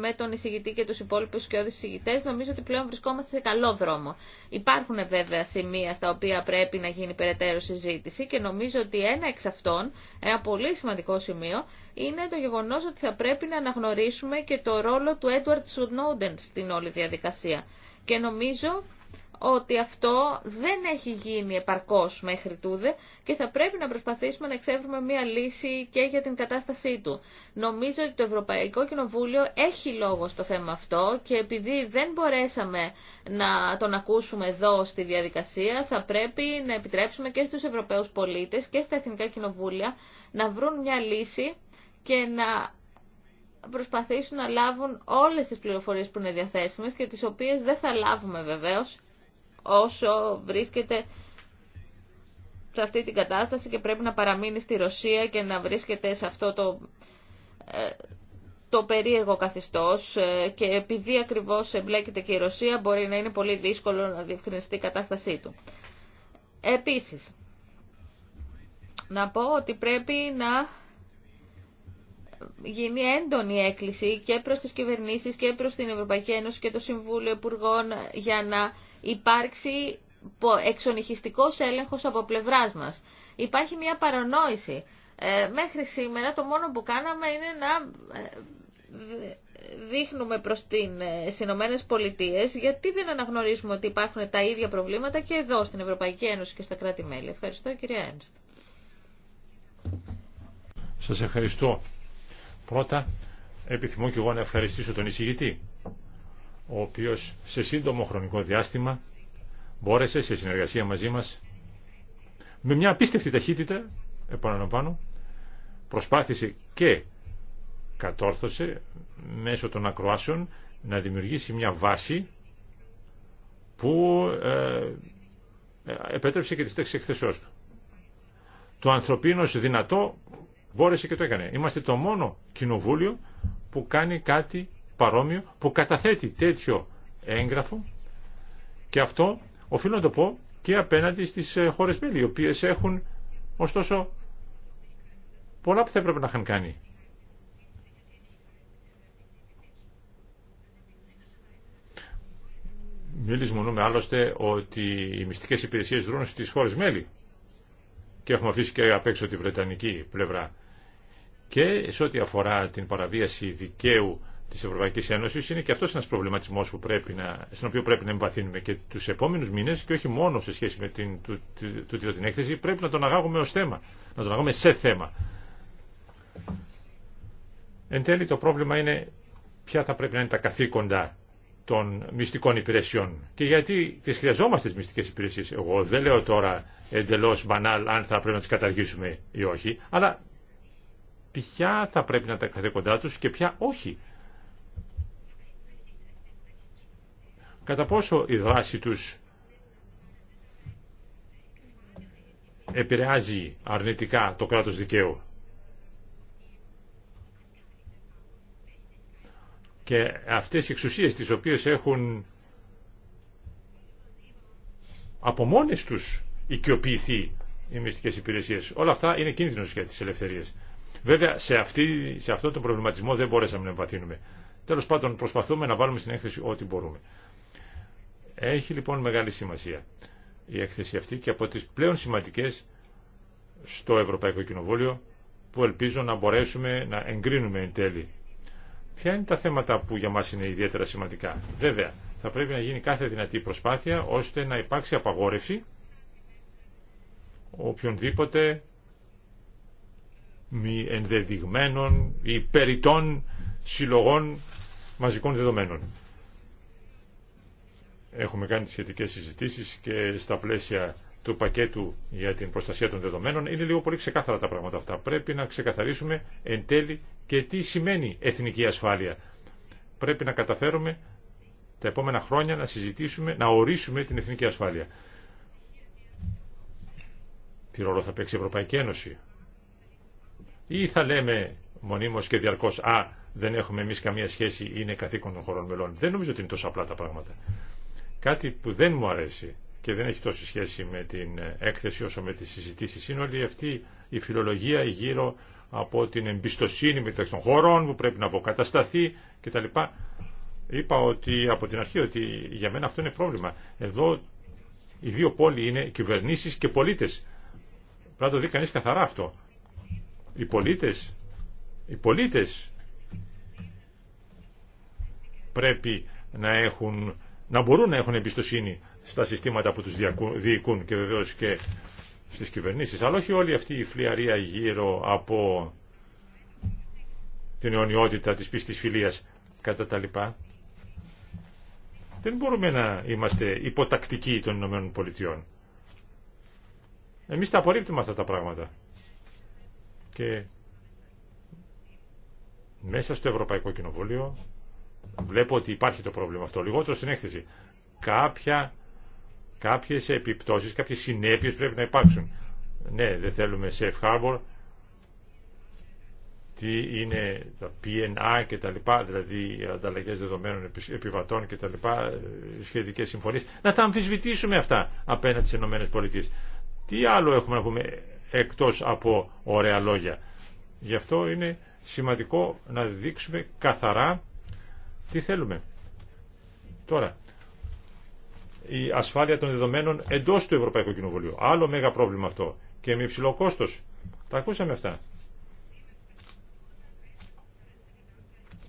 με τον εισηγητή και τους υπόλοιπους και όλους εισηγητές, νομίζω ότι πλέον βρισκόμαστε σε καλό δρόμο. Υπάρχουν βέβαια σημεία στα οποία πρέπει να γίνει περαιτέρω συζήτηση και νομίζω ότι ένα εξ αυτών, ένα πολύ σημαντικό σημείο, είναι το γεγονός ότι θα πρέπει να αναγνωρίσουμε και το ρόλο του Edward Snowden στην όλη διαδικασία. Και νομίζω ότι αυτό δεν έχει γίνει επαρκώς μέχρι τούδε και θα πρέπει να προσπαθήσουμε να εξεύρουμε μία λύση και για την κατάστασή του. Νομίζω ότι το Ευρωπαϊκό Κοινοβούλιο έχει λόγο στο θέμα αυτό και επειδή δεν μπορέσαμε να τον ακούσουμε εδώ στη διαδικασία θα πρέπει να επιτρέψουμε και στους Ευρωπαίους πολίτες και στα Εθνικά Κοινοβούλια να βρουν μια λύση και να προσπαθήσουν να λάβουν όλες τις πληροφορίες που είναι διαθέσιμες και τις οποίες δεν θα λάβουμε βεβαίως όσο βρίσκεται σε αυτή την κατάσταση και πρέπει να παραμείνει στη Ρωσία και να βρίσκεται σε αυτό το, ε, το περίεργο καθιστός ε, και επειδή ακριβώς εμπλέκεται και η Ρωσία μπορεί να είναι πολύ δύσκολο να διευκρινιστεί η κατάστασή του. Επίσης, να πω ότι πρέπει να γίνει έντονη έκκληση και προς τις κυβερνήσεις και προς την Ευρωπαϊκή Ένωση και το Συμβούλιο Υπουργών για να υπάρξει εξονυχιστικός έλεγχος από πλευράς μας. Υπάρχει μια παρανόηση. Ε, μέχρι σήμερα το μόνο που κάναμε είναι να ε, δείχνουμε προς την ε, Ηνωμένε Πολιτείε γιατί δεν αναγνωρίζουμε ότι υπάρχουν τα ίδια προβλήματα και εδώ στην Ευρωπαϊκή Ένωση και στα κράτη-μέλη. Ευχαριστώ κυρία Ένστ. Σας ευχαριστώ. Πρώτα επιθυμώ και εγώ να ευχαριστήσω τον εισηγητή ο οποίος σε σύντομο χρονικό διάστημα μπόρεσε σε συνεργασία μαζί μας με μια απίστευτη ταχύτητα, επαναλαμβάνω, προσπάθησε και κατόρθωσε μέσω των ακροάσεων να δημιουργήσει μια βάση που ε, επέτρεψε και τις τέξεις εκθεσεώς του. Το ανθρωπίνος δυνατό μπόρεσε και το έκανε. Είμαστε το μόνο κοινοβούλιο που κάνει κάτι παρόμοιο που καταθέτει τέτοιο έγγραφο και αυτό οφείλω να το πω και απέναντι στις ε, χώρες μέλη, οι οποίες έχουν ωστόσο πολλά που θα έπρεπε να είχαν κάνει. μόνο λησμονούμε άλλωστε ότι οι μυστικές υπηρεσίες δρούν στις χώρες μέλη και έχουμε αφήσει και απ' τη βρετανική πλευρά. Και σε ό,τι αφορά την παραβίαση δικαίου Τη Ευρωπαϊκή Ένωση είναι και αυτό ένα προβληματισμό στον οποίο πρέπει να εμβαθύνουμε και του επόμενου μήνε και όχι μόνο σε σχέση με την, του, την έκθεση πρέπει να τον αγάγουμε ω θέμα, να τον αγάγουμε σε θέμα. Εν τέλει το πρόβλημα είναι ποια θα πρέπει να είναι τα καθήκοντα των μυστικών υπηρεσιών και γιατί τις χρειαζόμαστε τις μυστικές υπηρεσίες. Εγώ δεν λέω τώρα εντελώς μπανάλ αν θα πρέπει να τις καταργήσουμε ή όχι, αλλά ποια θα πρέπει να τα καθήκοντά τους και ποια όχι. κατά πόσο η δράση τους επηρεάζει αρνητικά το κράτος δικαίου. Και αυτές οι εξουσίες τις οποίες έχουν από μόνες τους οικειοποιηθεί οι μυστικές υπηρεσίες. Όλα αυτά είναι κίνδυνος για τις ελευθερίες. Βέβαια σε, αυτή, σε αυτό τον προβληματισμό δεν μπορέσαμε να εμβαθύνουμε. Τέλος πάντων προσπαθούμε να βάλουμε στην έκθεση ό,τι μπορούμε. Έχει λοιπόν μεγάλη σημασία η έκθεση αυτή και από τις πλέον σημαντικές στο Ευρωπαϊκό Κοινοβούλιο που ελπίζω να μπορέσουμε να εγκρίνουμε εν τέλει. Ποια είναι τα θέματα που για μας είναι ιδιαίτερα σημαντικά. Βέβαια, θα πρέπει να γίνει κάθε δυνατή προσπάθεια ώστε να υπάρξει απαγόρευση οποιονδήποτε μη ενδεδειγμένων ή περιττών συλλογών μαζικών δεδομένων. Έχουμε κάνει σχετικές συζητήσεις και στα πλαίσια του πακέτου για την προστασία των δεδομένων είναι λίγο πολύ ξεκάθαρα τα πράγματα αυτά. Πρέπει να ξεκαθαρίσουμε εν τέλει και τι σημαίνει εθνική ασφάλεια. Πρέπει να καταφέρουμε τα επόμενα χρόνια να συζητήσουμε, να ορίσουμε την εθνική ασφάλεια. Τι ρόλο θα παίξει η Ευρωπαϊκή Ένωση. Ή θα λέμε μονίμως και διαρκώς «Α, δεν έχουμε εμείς καμία σχέση, είναι καθήκον των χωρών μελών». Δεν νομίζω ότι είναι τόσο απλά τα πράγματα. Κάτι που δεν μου αρέσει και δεν έχει τόση σχέση με την ε, έκθεση όσο με τις συζητήσεις είναι όλη αυτή η φιλολογία γύρω από την εμπιστοσύνη μεταξύ των χωρών που πρέπει να αποκατασταθεί κτλ. Είπα ότι από την αρχή ότι για μένα αυτό είναι πρόβλημα. Εδώ οι δύο πόλοι είναι κυβερνήσεις και πολίτες. Πρέπει να το δει κανείς καθαρά αυτό. Οι πολίτες, οι πολίτες πρέπει να έχουν να μπορούν να έχουν εμπιστοσύνη στα συστήματα που τους διοικούν και βεβαίως και στις κυβερνήσεις. Αλλά όχι όλη αυτή η φλιαρία γύρω από την αιωνιότητα της πίστης φιλίας κατά τα λοιπά. Δεν μπορούμε να είμαστε υποτακτικοί των Ηνωμένων Πολιτειών. Εμείς τα απορρίπτουμε αυτά τα πράγματα. Και μέσα στο Ευρωπαϊκό Κοινοβούλιο Βλέπω ότι υπάρχει το πρόβλημα αυτό, λιγότερο στην έκθεση. Κάποια, κάποιες επιπτώσεις, κάποιες συνέπειες πρέπει να υπάρξουν. Ναι, δεν θέλουμε safe harbor, τι είναι τα PNA και τα λοιπά, δηλαδή ανταλλαγέ δεδομένων επιβατών και τα λοιπά, ε, σχετικέ συμφωνίε, να τα αμφισβητήσουμε αυτά απέναντι στι ΗΠΑ. Τι άλλο έχουμε να πούμε εκτός από ωραία λόγια. Γι' αυτό είναι σημαντικό να δείξουμε καθαρά τι θέλουμε. Τώρα, η ασφάλεια των δεδομένων εντό του Ευρωπαϊκού Κοινοβουλίου. Άλλο μέγα πρόβλημα αυτό. Και με υψηλό κόστο. Τα ακούσαμε αυτά.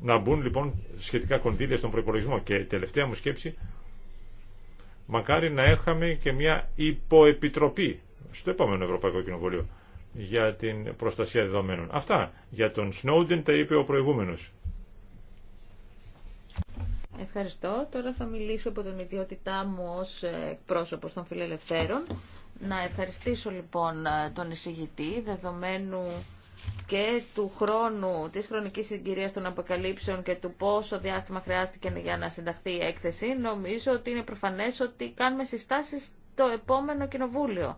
Να μπουν λοιπόν σχετικά κονδύλια στον προπολογισμό. Και τελευταία μου σκέψη, μακάρι να έχαμε και μια υποεπιτροπή στο επόμενο Ευρωπαϊκό Κοινοβούλιο για την προστασία δεδομένων. Αυτά για τον Σνόντεν τα είπε ο προηγούμενος. Ευχαριστώ. Τώρα θα μιλήσω από την ιδιότητά μου ως ε, εκπρόσωπος των φιλελευθέρων. Να ευχαριστήσω λοιπόν ε, τον εισηγητή, δεδομένου και του χρόνου, της χρονικής συγκυρίας των αποκαλύψεων και του πόσο διάστημα χρειάστηκε για να συνταχθεί η έκθεση, νομίζω ότι είναι προφανές ότι κάνουμε συστάσεις το επόμενο κοινοβούλιο,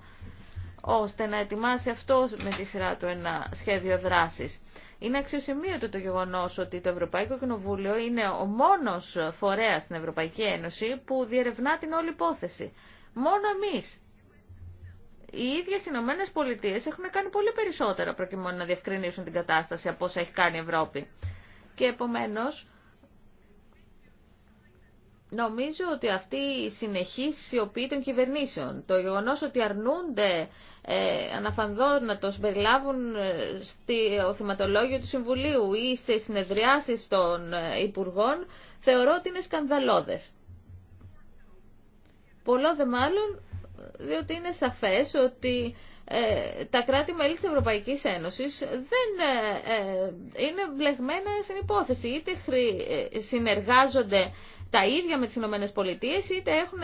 ώστε να ετοιμάσει αυτό με τη σειρά του ένα σχέδιο δράσης. Είναι αξιοσημείωτο το γεγονός ότι το Ευρωπαϊκό Κοινοβούλιο είναι ο μόνος φορέας στην Ευρωπαϊκή Ένωση που διερευνά την όλη υπόθεση. Μόνο εμείς. Οι ίδιε οι Ηνωμένε Πολιτείε έχουν κάνει πολύ περισσότερα προκειμένου να διευκρινίσουν την κατάσταση από όσα έχει κάνει η Ευρώπη. Και επομένω, Νομίζω ότι αυτή η συνεχή σιωπή των κυβερνήσεων, το γεγονός ότι αρνούνται ε, να το συμπεριλάβουν ε, στο θεματολόγιο του Συμβουλίου ή σε συνεδριάσεις των ε, Υπουργών, θεωρώ ότι είναι σκανδαλώδες. Πολλό δε μάλλον, διότι είναι σαφές ότι ε, τα κράτη-μέλη της Ευρωπαϊκής Ένωσης δεν είναι βλεγμένα στην υπόθεση. Είτε χρη, συνεργάζονται τα ίδια με τις Ηνωμένες Πολιτείες, είτε έχουν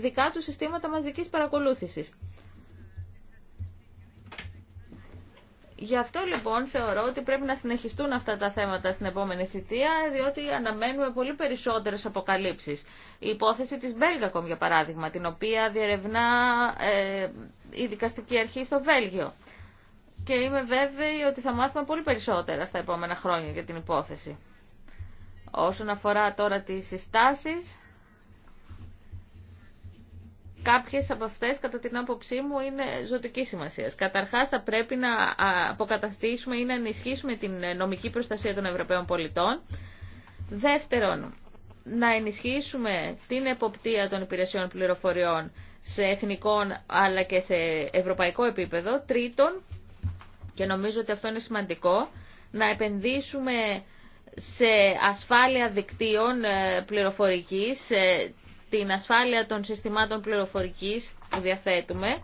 δικά τους συστήματα μαζικής παρακολούθησης. Γι' αυτό λοιπόν θεωρώ ότι πρέπει να συνεχιστούν αυτά τα θέματα στην επόμενη θητεία, διότι αναμένουμε πολύ περισσότερες αποκαλύψεις. Η υπόθεση της Μπέλγακομ, για παράδειγμα, την οποία διερευνά ε, η δικαστική αρχή στο Βέλγιο. Και είμαι βέβαιη ότι θα μάθουμε πολύ περισσότερα στα επόμενα χρόνια για την υπόθεση. Όσον αφορά τώρα τις συστάσεις, κάποιες από αυτές κατά την άποψή μου είναι ζωτική σημασία. Καταρχάς θα πρέπει να αποκαταστήσουμε ή να ενισχύσουμε την νομική προστασία των Ευρωπαίων πολιτών. Δεύτερον, να ενισχύσουμε την εποπτεία των υπηρεσιών πληροφοριών σε εθνικό αλλά και σε ευρωπαϊκό επίπεδο. Τρίτον, και νομίζω ότι αυτό είναι σημαντικό, να επενδύσουμε σε ασφάλεια δικτύων ε, πληροφορικής ε, την ασφάλεια των συστημάτων πληροφορικής που διαθέτουμε.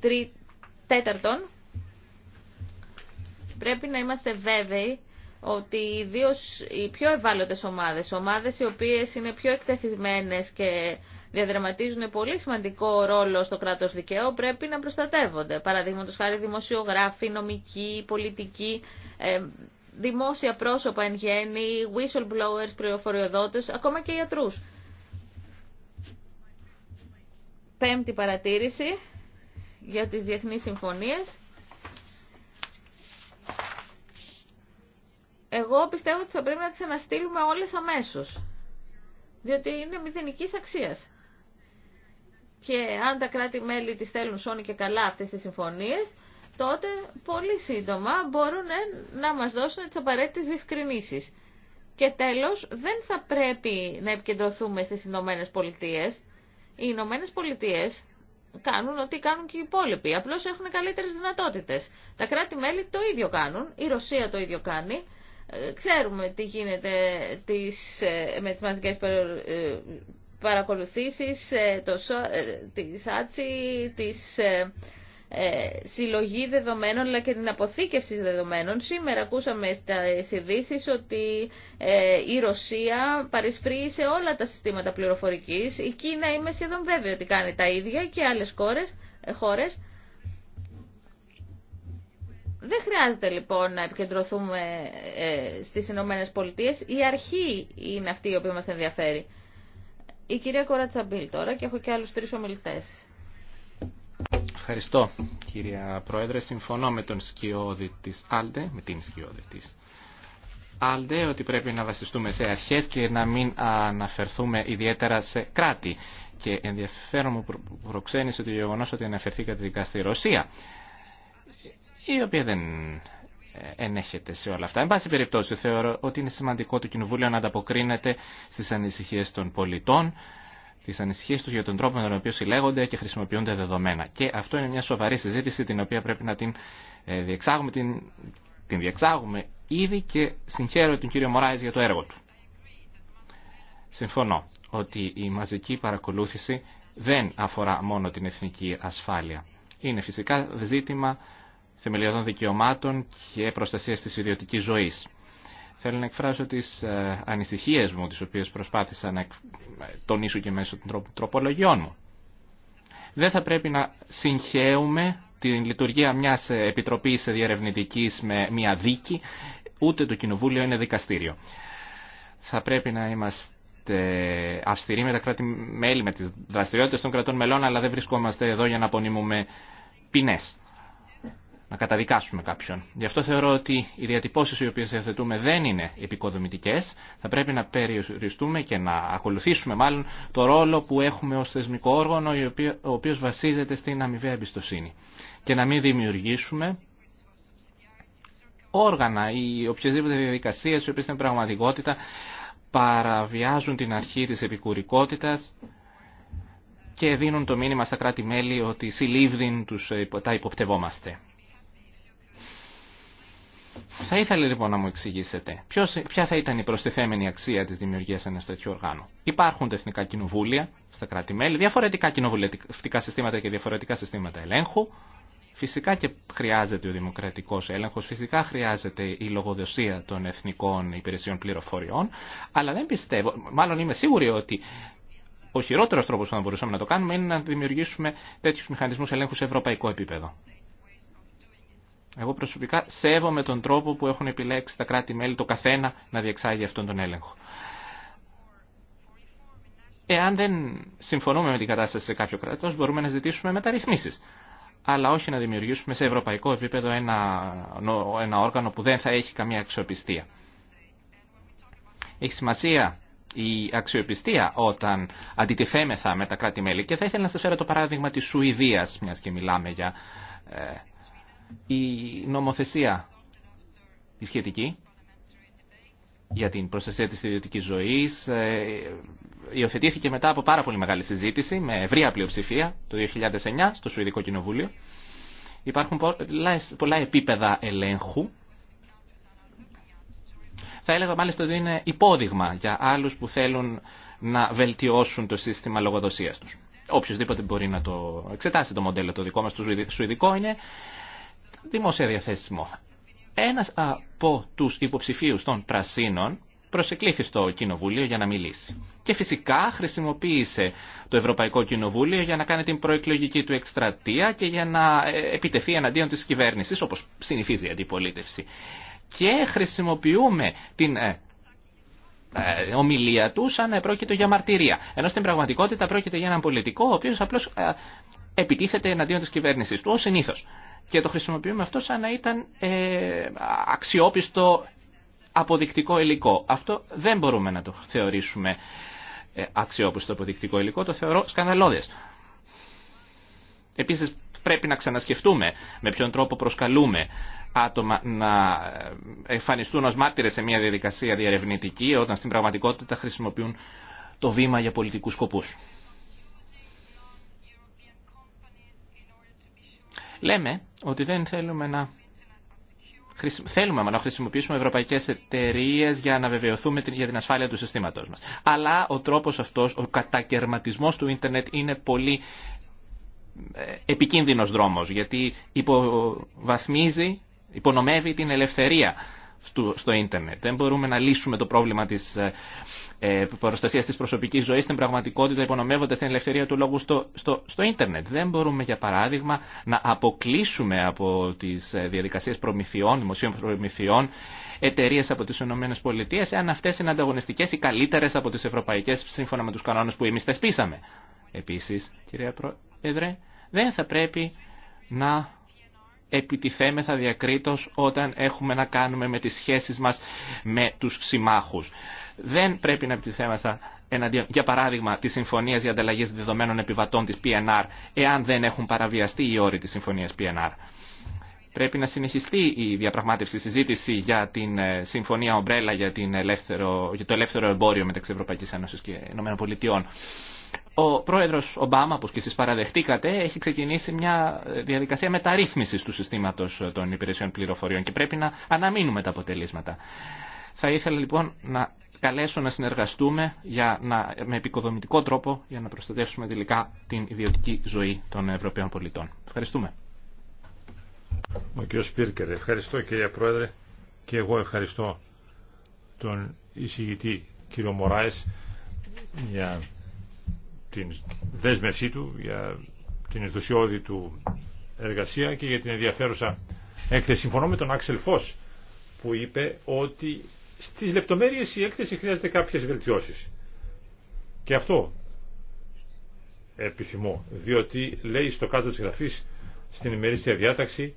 Τρι... Τέταρτον, πρέπει να είμαστε βέβαιοι ότι ιδίω οι πιο ευάλωτες ομάδες, ομάδες οι οποίες είναι πιο εκτεθισμένες και διαδραματίζουν πολύ σημαντικό ρόλο στο κράτος δικαίου, πρέπει να προστατεύονται. Παραδείγματο χάρη δημοσιογράφοι, νομικοί, πολιτικοί, ε, δημόσια πρόσωπα εν γέννη, whistleblowers, πληροφοριοδότες, ακόμα και γιατρούς πέμπτη παρατήρηση για τις διεθνείς συμφωνίες. Εγώ πιστεύω ότι θα πρέπει να τις αναστείλουμε όλες αμέσως, διότι είναι μηδενικής αξίας. Και αν τα κράτη-μέλη τις θέλουν σώνη και καλά αυτές τις συμφωνίες, τότε πολύ σύντομα μπορούν ε, να μας δώσουν τις απαραίτητες διευκρινήσεις. Και τέλος, δεν θα πρέπει να επικεντρωθούμε στις Ηνωμένε Πολιτείες, οι Ηνωμένε Πολιτείε κάνουν ό,τι κάνουν και οι υπόλοιποι. Απλώ έχουν καλύτερε δυνατότητε. Τα κράτη-μέλη το ίδιο κάνουν. Η Ρωσία το ίδιο κάνει. Ε, ξέρουμε τι γίνεται τις, ε, με τι μαζικέ ε, παρακολουθήσει, το, τη άτσι, τις ε, συλλογή δεδομένων αλλά και την αποθήκευση δεδομένων. Σήμερα ακούσαμε στα ειδήσει ότι ε, η Ρωσία παρισφρεί σε όλα τα συστήματα πληροφορικής. Η Κίνα είμαι σχεδόν βέβαιη ότι κάνει τα ίδια και άλλες χώρες. Ε, χώρες. Δεν χρειάζεται λοιπόν να επικεντρωθούμε στις Ηνωμένες Πολιτείες. Η αρχή είναι αυτή η οποία μας ενδιαφέρει. Η κυρία Κορατσαμπίλ τώρα και έχω και άλλους τρεις ομιλητές. Ευχαριστώ κυρία Πρόεδρε. Συμφωνώ με τον σκιώδη της Άλντε, με την σκιώδη της ότι πρέπει να βασιστούμε σε αρχές και να μην αναφερθούμε ιδιαίτερα σε κράτη. Και ενδιαφέρον μου προξένησε το γεγονός ότι αναφερθήκατε δικά στη Ρωσία, η οποία δεν ενέχεται σε όλα αυτά. Εν πάση περιπτώσει, θεωρώ ότι είναι σημαντικό το Κοινοβούλιο να ανταποκρίνεται στις ανησυχίες των πολιτών τι ανησυχίε του για τον τρόπο με τον οποίο συλλέγονται και χρησιμοποιούνται δεδομένα. Και αυτό είναι μια σοβαρή συζήτηση την οποία πρέπει να την ε, διεξάγουμε, την, την διεξάγουμε ήδη και συγχαίρω τον κύριο Μωράης για το έργο του. Συμφωνώ ότι η μαζική παρακολούθηση δεν αφορά μόνο την εθνική ασφάλεια. Είναι φυσικά ζήτημα θεμελιωδών δικαιωμάτων και προστασίας της ιδιωτικής ζωής. Θέλω να εκφράσω τις ε, ανησυχίε μου, τις οποίες προσπάθησα να ε, τονίσω και μέσω των τροπολογιών μου. Δεν θα πρέπει να συγχαίουμε την λειτουργία μιας επιτροπής διαρευνητική με μια δίκη, ούτε το Κοινοβούλιο είναι δικαστήριο. Θα πρέπει να είμαστε αυστηροί με τα κράτη-μέλη, με τις δραστηριότητες των κρατών μελών, αλλά δεν βρισκόμαστε εδώ για να απονείμουμε ποινές να καταδικάσουμε κάποιον. Γι' αυτό θεωρώ ότι οι διατυπώσει οι οποίες διαθέτουμε δεν είναι επικοδομητικές. Θα πρέπει να περιοριστούμε και να ακολουθήσουμε μάλλον το ρόλο που έχουμε ως θεσμικό όργανο ο οποίο βασίζεται στην αμοιβαία εμπιστοσύνη. Και να μην δημιουργήσουμε όργανα ή οποιασδήποτε διαδικασίε οι οποίε στην πραγματικότητα παραβιάζουν την αρχή της επικουρικότητας και δίνουν το μήνυμα στα κράτη-μέλη ότι συλλήβδην τους, ε, τα υποπτευόμαστε. Θα ήθελα λοιπόν να μου εξηγήσετε ποιος, ποια θα ήταν η προστιθέμενη αξία τη δημιουργία ενό τέτοιου οργάνου. Υπάρχουν τα εθνικά κοινοβούλια στα κράτη-μέλη, διαφορετικά κοινοβουλευτικά συστήματα και διαφορετικά συστήματα ελέγχου. Φυσικά και χρειάζεται ο δημοκρατικό έλεγχο, φυσικά χρειάζεται η λογοδοσία των εθνικών υπηρεσιών πληροφοριών, αλλά δεν πιστεύω, μάλλον είμαι σίγουρη ότι ο χειρότερο τρόπο που θα μπορούσαμε να το κάνουμε είναι να δημιουργήσουμε τέτοιου μηχανισμού ελέγχου σε ευρωπαϊκό επίπεδο. Εγώ προσωπικά σέβομαι τον τρόπο που έχουν επιλέξει τα κράτη-μέλη το καθένα να διεξάγει αυτόν τον έλεγχο. Εάν δεν συμφωνούμε με την κατάσταση σε κάποιο κράτος, μπορούμε να ζητήσουμε μεταρρυθμίσεις. Αλλά όχι να δημιουργήσουμε σε ευρωπαϊκό επίπεδο ένα, ένα όργανο που δεν θα έχει καμία αξιοπιστία. Έχει σημασία η αξιοπιστία όταν αντιτιθέμεθα με τα κράτη-μέλη. Και θα ήθελα να σα φέρω το παράδειγμα τη Σουηδία μια και μιλάμε για ε, η νομοθεσία η σχετική για την προστασία της ιδιωτικής ζωής ε, υιοθετήθηκε μετά από πάρα πολύ μεγάλη συζήτηση με ευρία πλειοψηφία το 2009 στο Σουηδικό Κοινοβούλιο. Υπάρχουν πολλά, επίπεδα ελέγχου. Θα έλεγα μάλιστα ότι είναι υπόδειγμα για άλλους που θέλουν να βελτιώσουν το σύστημα λογοδοσίας τους. Οποιοςδήποτε μπορεί να το εξετάσει το μοντέλο το δικό μας το Σουηδικό είναι δημόσια διαθέσιμο. Ένας από τους υποψηφίους των πρασίνων προσεκλήθη στο Κοινοβούλιο για να μιλήσει. Και φυσικά χρησιμοποίησε το Ευρωπαϊκό Κοινοβούλιο για να κάνει την προεκλογική του εκστρατεία και για να ε, επιτεθεί εναντίον της κυβέρνησης, όπως συνηθίζει η αντιπολίτευση. Και χρησιμοποιούμε την ε, ε, ομιλία του σαν να πρόκειται για μαρτυρία. Ενώ στην πραγματικότητα πρόκειται για έναν πολιτικό ο οποίος απλώς επιτίθεται εναντίον της κυβέρνησης του, ως συνήθως και το χρησιμοποιούμε αυτό σαν να ήταν ε, αξιόπιστο αποδεικτικό υλικό. Αυτό δεν μπορούμε να το θεωρήσουμε ε, αξιόπιστο αποδεικτικό υλικό, το θεωρώ σκανδαλώδες. Επίσης πρέπει να ξανασκεφτούμε με ποιον τρόπο προσκαλούμε άτομα να ε, εμφανιστούν ως μάρτυρες σε μια διαδικασία διαρευνητική όταν στην πραγματικότητα χρησιμοποιούν το βήμα για πολιτικούς σκοπούς. Λέμε ότι δεν θέλουμε να Θέλουμε να χρησιμοποιήσουμε ευρωπαϊκέ εταιρείε για να βεβαιωθούμε για την ασφάλεια του συστήματο μα. Αλλά ο τρόπο αυτό, ο κατακαιρματισμό του ίντερνετ είναι πολύ ε, επικίνδυνος δρόμος γιατί υποβαθμίζει, υπονομεύει την ελευθερία στο ίντερνετ. Δεν μπορούμε να λύσουμε το πρόβλημα της ε, ε, προστασία τη προσωπική ζωή στην πραγματικότητα υπονομεύοντα την ελευθερία του λόγου στο, στο, στο ίντερνετ. Δεν μπορούμε για παράδειγμα να αποκλείσουμε από τι ε, διαδικασίε προμηθειών, δημοσίων προμηθειών εταιρείε από τι ΗΠΑ, εάν αυτέ είναι ανταγωνιστικέ ή καλύτερε από τι ευρωπαϊκέ σύμφωνα με του κανόνε που εμεί θεσπίσαμε. Επίση, κυρία Πρόεδρε, δεν θα πρέπει να επιτιθέμεθα διακρίτως όταν έχουμε να κάνουμε με τις σχέσεις μας με τους συμμάχους. Δεν πρέπει να επιτιθέμεθα για παράδειγμα τη συμφωνίες για ανταλλαγές δεδομένων επιβατών της PNR εάν δεν έχουν παραβιαστεί οι όροι της συμφωνίας PNR. Πρέπει να συνεχιστεί η διαπραγμάτευση, η συζήτηση για την ε, συμφωνία ομπρέλα για, την ελεύθερο, για το ελεύθερο εμπόριο μεταξύ Ευρωπαϊκής Ένωσης και ΗΠΑ. Ο πρόεδρος Ομπάμα, όπω και εσεί παραδεχτήκατε, έχει ξεκινήσει μια ε, διαδικασία μεταρρύθμισης του συστήματος ε, των υπηρεσιών πληροφοριών και πρέπει να αναμείνουμε τα αποτελέσματα. Θα ήθελα λοιπόν να καλέσω να συνεργαστούμε για να, με επικοδομητικό τρόπο για να προστατεύσουμε τελικά την ιδιωτική ζωή των Ευρωπαίων πολιτών. Ευχαριστούμε. Ο κ. Σπίρκερ, ευχαριστώ κύριε Πρόεδρε και εγώ ευχαριστώ τον εισηγητή Μωράης για την δέσμευσή του, για την ενθουσιώδη του εργασία και για την ενδιαφέρουσα έκθεση. Συμφωνώ με τον Άξελ Φως που είπε ότι στις λεπτομέρειες η έκθεση χρειάζεται κάποιες βελτιώσεις. Και αυτό επιθυμώ, διότι λέει στο κάτω της γραφής στην ημερήσια διάταξη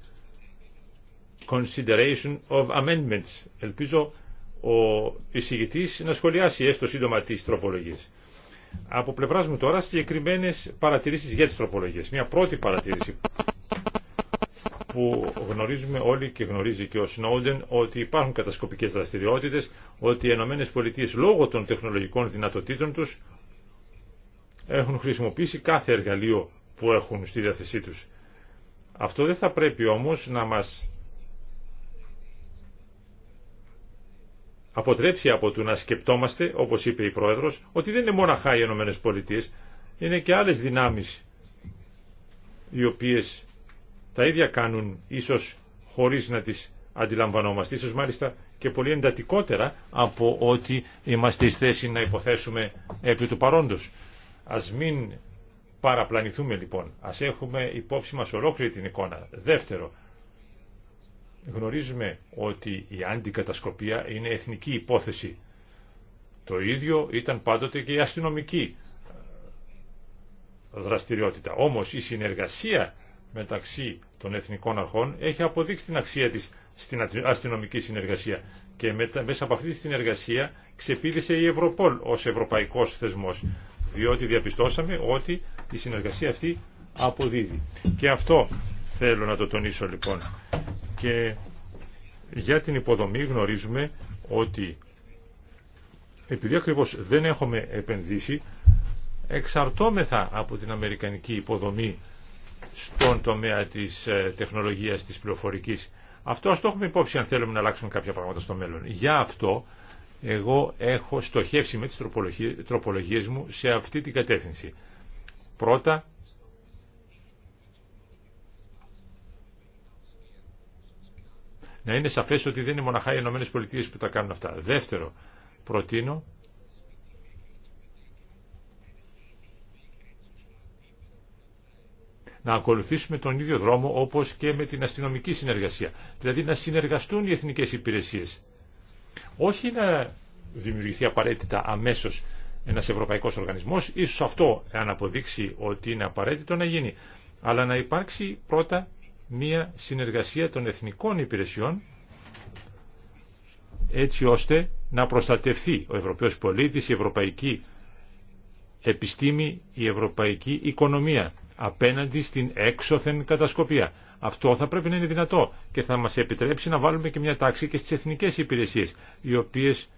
consideration of amendments. Ελπίζω ο εισηγητής να σχολιάσει έστω σύντομα τις τροπολογίες. Από πλευρά μου τώρα συγκεκριμένε παρατηρήσει για τι τροπολογίε. Μια πρώτη παρατήρηση που γνωρίζουμε όλοι και γνωρίζει και ο Σνόντεν ότι υπάρχουν κατασκοπικές δραστηριότητες, ότι οι ΗΠΑ λόγω των τεχνολογικών δυνατοτήτων τους έχουν χρησιμοποιήσει κάθε εργαλείο που έχουν στη διάθεσή τους. Αυτό δεν θα πρέπει όμως να μας αποτρέψει από του να σκεπτόμαστε, όπως είπε η Πρόεδρος, ότι δεν είναι μόναχα οι ΗΠΑ, είναι και άλλες δυνάμεις οι οποίες τα ίδια κάνουν ίσως χωρίς να τις αντιλαμβανόμαστε, ίσως μάλιστα και πολύ εντατικότερα από ότι είμαστε στη θέση να υποθέσουμε επί του παρόντος. Ας μην παραπλανηθούμε λοιπόν, ας έχουμε υπόψη μας ολόκληρη την εικόνα. Δεύτερο, Γνωρίζουμε ότι η αντικατασκοπία είναι εθνική υπόθεση. Το ίδιο ήταν πάντοτε και η αστυνομική ε, δραστηριότητα. Όμως η συνεργασία μεταξύ των εθνικών αρχών έχει αποδείξει την αξία της στην αστυνομική συνεργασία και μέσα από αυτή τη συνεργασία ξεπίδησε η Ευρωπόλ ως ευρωπαϊκός θεσμός διότι διαπιστώσαμε ότι η συνεργασία αυτή αποδίδει. Και αυτό θέλω να το τονίσω λοιπόν. Και για την υποδομή γνωρίζουμε ότι επειδή ακριβώ δεν έχουμε επενδύσει, εξαρτώμεθα από την αμερικανική υποδομή στον τομέα της ε, τεχνολογίας της πληροφορικής. Αυτό ας το έχουμε υπόψη αν θέλουμε να αλλάξουμε κάποια πράγματα στο μέλλον. Για αυτό εγώ έχω στοχεύσει με τις τροπολογίες μου σε αυτή την κατεύθυνση. Πρώτα Να είναι σαφές ότι δεν είναι μοναχά οι ΗΠΑ που τα κάνουν αυτά. Δεύτερο, προτείνω να ακολουθήσουμε τον ίδιο δρόμο όπως και με την αστυνομική συνεργασία. Δηλαδή να συνεργαστούν οι εθνικές υπηρεσίες. Όχι να δημιουργηθεί απαραίτητα αμέσως ένας ευρωπαϊκός οργανισμός, ίσως αυτό αν αποδείξει ότι είναι απαραίτητο να γίνει. Αλλά να υπάρξει πρώτα μια συνεργασία των εθνικών υπηρεσιών έτσι ώστε να προστατευθεί ο Ευρωπαίος πολίτης, η ευρωπαϊκή επιστήμη, η ευρωπαϊκή οικονομία απέναντι στην έξωθεν κατασκοπία. Αυτό θα πρέπει να είναι δυνατό και θα μας επιτρέψει να βάλουμε και μια τάξη και στις εθνικές υπηρεσίες, οι οποίες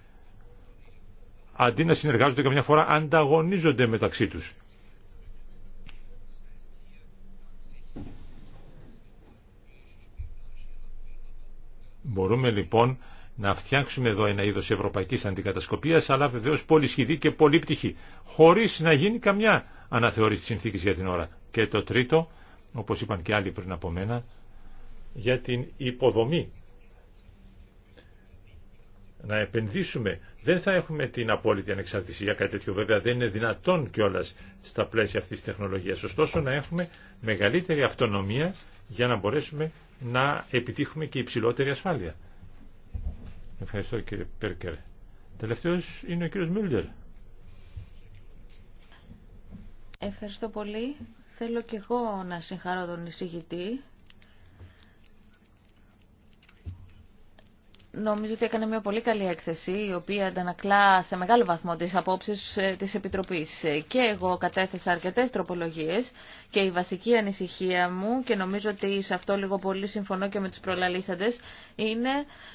αντί να συνεργάζονται καμιά φορά ανταγωνίζονται μεταξύ τους. Μπορούμε λοιπόν να φτιάξουμε εδώ ένα είδος ευρωπαϊκής αντικατασκοπίας, αλλά βεβαίως πολύ σχηδή και πολύ πτυχή χωρίς να γίνει καμιά αναθεώρηση συνθήκης για την ώρα. Και το τρίτο, όπως είπαν και άλλοι πριν από μένα, για την υποδομή. Να επενδύσουμε. Δεν θα έχουμε την απόλυτη ανεξαρτησία, κάτι τέτοιο βέβαια δεν είναι δυνατόν κιόλα στα πλαίσια αυτής της τεχνολογίας. Ωστόσο να έχουμε μεγαλύτερη αυτονομία για να μπορέσουμε να επιτύχουμε και υψηλότερη ασφάλεια. Ευχαριστώ κύριε Πέρκερ. Τελευταίος είναι ο κύριος Μιλντερ. Ευχαριστώ πολύ. Θέλω και εγώ να συγχαρώ τον εισηγητή Νομίζω ότι έκανε μια πολύ καλή έκθεση, η οποία αντανακλά σε μεγάλο βαθμό τις απόψεις ε, της Επιτροπής. Και εγώ κατέθεσα αρκετές τροπολογίες και η βασική ανησυχία μου, και νομίζω ότι σε αυτό λίγο πολύ συμφωνώ και με τους προλαλήσαντες, είναι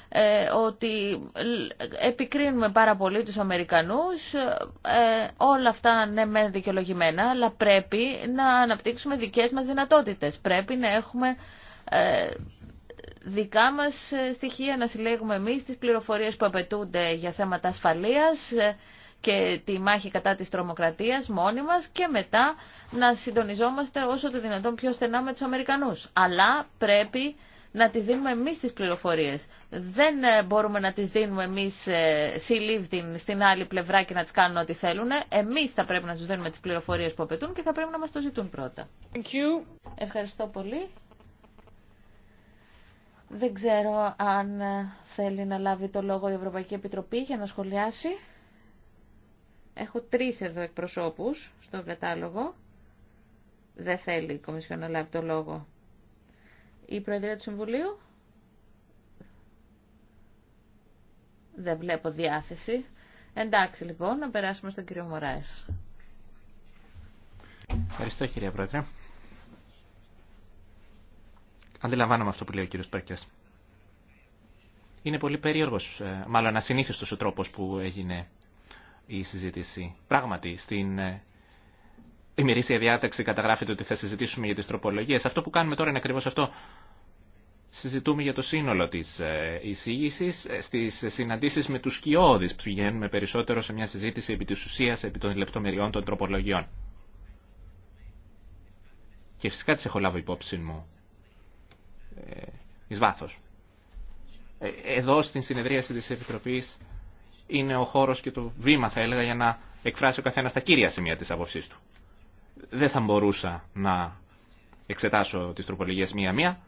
ε, ότι επικρίνουμε πάρα πολύ τους Αμερικανούς, ε, όλα αυτά ναι με δικαιολογημένα, αλλά πρέπει να αναπτύξουμε δικές μας δυνατότητες. Πρέπει να έχουμε δικά μας ε, στοιχεία, να συλλέγουμε εμείς τις πληροφορίες που απαιτούνται για θέματα ασφαλείας ε, και τη μάχη κατά της τρομοκρατίας μόνοι μας και μετά να συντονιζόμαστε όσο το δυνατόν πιο στενά με τους Αμερικανούς. Αλλά πρέπει να τις δίνουμε εμείς τις πληροφορίες. Δεν ε, μπορούμε να τις δίνουμε εμείς συλλήβδιν στην άλλη πλευρά και να τις κάνουν ό,τι θέλουν. Εμείς θα πρέπει να τους δίνουμε τις πληροφορίες που απαιτούν και θα πρέπει να μας το ζητούν πρώτα. Thank you. Ευχαριστώ πολύ. Δεν ξέρω αν θέλει να λάβει το λόγο η Ευρωπαϊκή Επιτροπή για να σχολιάσει. Έχω τρεις εδώ εκπροσώπους στον κατάλογο. Δεν θέλει η Κομισιόν να λάβει το λόγο. Η Προεδρία του Συμβουλίου. Δεν βλέπω διάθεση. Εντάξει λοιπόν, να περάσουμε στον κύριο Μωράες. Ευχαριστώ κυρία Πρόεδρε. Αντιλαμβάνομαι αυτό που λέει ο κύριο Πέρκε. Είναι πολύ περίεργο, ε, μάλλον ασυνήθιστο ο τρόπο που έγινε η συζήτηση. Πράγματι, στην ε, ημερήσια διάταξη καταγράφεται ότι θα συζητήσουμε για τι τροπολογίε. Αυτό που κάνουμε τώρα είναι ακριβώ αυτό. Συζητούμε για το σύνολο τη ε, εισήγηση στι συναντήσει με του κοιόδης πηγαίνουμε περισσότερο σε μια συζήτηση επί τη ουσία, επί των λεπτομεριών των τροπολογιών. Και φυσικά τι έχω λάβει υπόψη μου ε, ε, εδώ στην συνεδρίαση της Επιτροπής είναι ο χώρος και το βήμα θα έλεγα για να εκφράσει ο καθένας τα κύρια σημεία της άποψής του. Δεν θα μπορούσα να εξετάσω τις τροπολογίες μία-μία.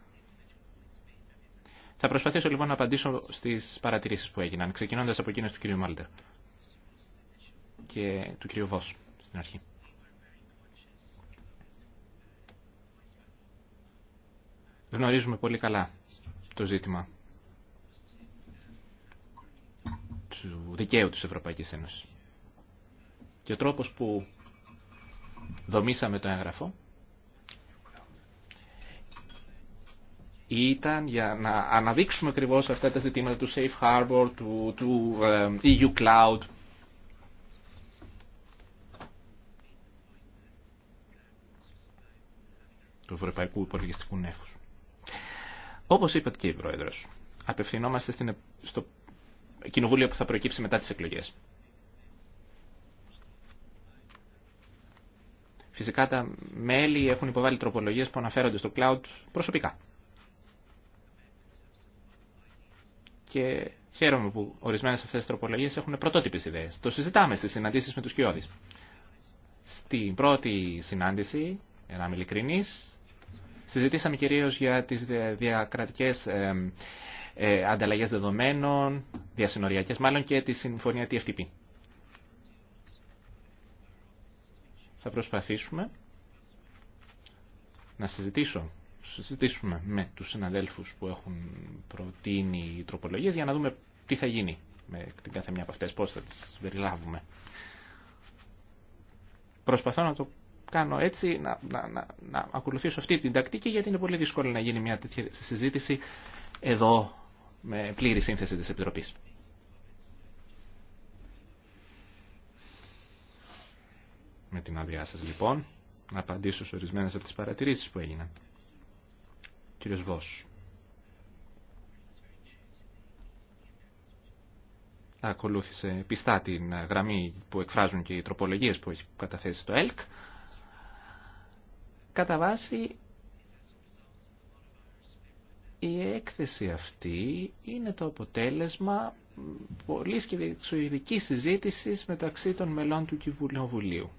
Θα προσπαθήσω λοιπόν να απαντήσω στις παρατηρήσεις που έγιναν, ξεκινώντας από εκείνες του κ. Μάλτερ και του κ. Βος στην αρχή. Γνωρίζουμε πολύ καλά το ζήτημα του δικαίου της Ευρωπαϊκής Ένωσης. Και ο τρόπος που δομήσαμε το έγγραφο ήταν για να αναδείξουμε ακριβώ αυτά τα ζητήματα του Safe Harbor, του, του ε, EU Cloud. του Ευρωπαϊκού Υπολογιστικού Νέφους. Όπως είπε και η Πρόεδρο, απευθυνόμαστε στην, στο κοινοβούλιο που θα προκύψει μετά τις εκλογές. Φυσικά τα μέλη έχουν υποβάλει τροπολογίες που αναφέρονται στο cloud προσωπικά. Και χαίρομαι που ορισμένες αυτές τι τροπολογίες έχουν πρωτότυπες ιδέες. Το συζητάμε στι συναντήσει με τους κοιόδης. Στην πρώτη συνάντηση, για να είμαι ειλικρινής, Συζητήσαμε κυρίως για τις διακρατικές ε, ανταλλαγές δεδομένων, διασυνοριακές μάλλον και τη συμφωνία TFTP. Θα προσπαθήσουμε να συζητήσω συζητήσουμε με τους συναδέλφους που έχουν προτείνει τροπολογίες για να δούμε τι θα γίνει με την κάθε μια από αυτές, πώς θα τις περιλάβουμε. Προσπαθώ να το κάνω έτσι, να, να, να, να ακολουθήσω αυτή την τακτική γιατί είναι πολύ δύσκολο να γίνει μια τέτοια συζήτηση εδώ με πλήρη σύνθεση της Επιτροπής. Με την άδειά σας λοιπόν, να απαντήσω σε ορισμένες από τις παρατηρήσεις που έγιναν. Κύριος Βόσου. ακολούθησε πιστά την γραμμή που εκφράζουν και οι τροπολογίες που έχει καταθέσει το ΕΛΚ. Κατά βάση η έκθεση αυτή είναι το αποτέλεσμα πολύ και συζήτηση συζήτησης μεταξύ των μελών του Κοινοβουλίου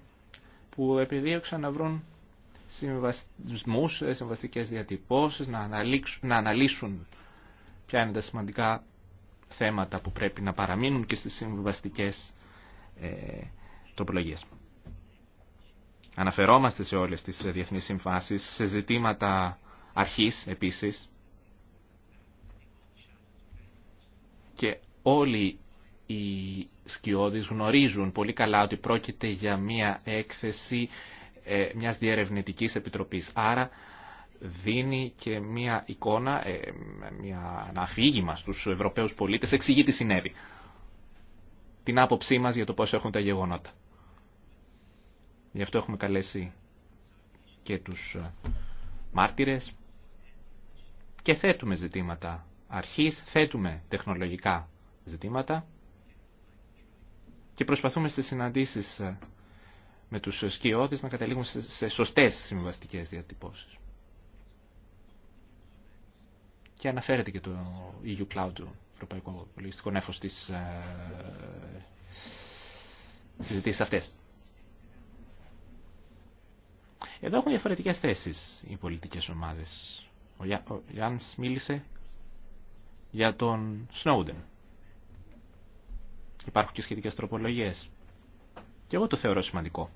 που επιδίωξαν να βρουν συμβασμούς, ε, συμβαστικές διατυπώσεις, να, να αναλύσουν ποια είναι τα σημαντικά θέματα που πρέπει να παραμείνουν και στις συμβαστικές ε, τροπολογίες. Αναφερόμαστε σε όλες τις ε, διεθνείς συμφάσεις, σε ζητήματα αρχής επίσης. Και όλοι οι σκιώδεις γνωρίζουν πολύ καλά ότι πρόκειται για μια έκθεση ε, μιας διερευνητικής επιτροπής. Άρα δίνει και μια εικόνα, ε, μια, ένα αφήγημα στους Ευρωπαίους πολίτες, εξηγεί τι συνέβη. Την άποψή μας για το πώς έχουν τα γεγονότα. Γι' αυτό έχουμε καλέσει και τους ε, μάρτυρες και θέτουμε ζητήματα αρχής, θέτουμε τεχνολογικά ζητήματα και προσπαθούμε στις συναντήσεις ε, με τους σκιώδεις να καταλήγουμε σε σωστές συμβαστικές διατυπώσεις. Και αναφέρεται και το EU Cloud, το Ευρωπαϊκό Πολιτιστικό Νέφος, στις ε, συζητήσεις αυτές. Εδώ έχουν διαφορετικές θέσεις οι πολιτικές ομάδες. Ο, Γιάννης μίλησε για τον Σνόουντεν. Υπάρχουν και σχετικές τροπολογίες. Και εγώ το θεωρώ σημαντικό.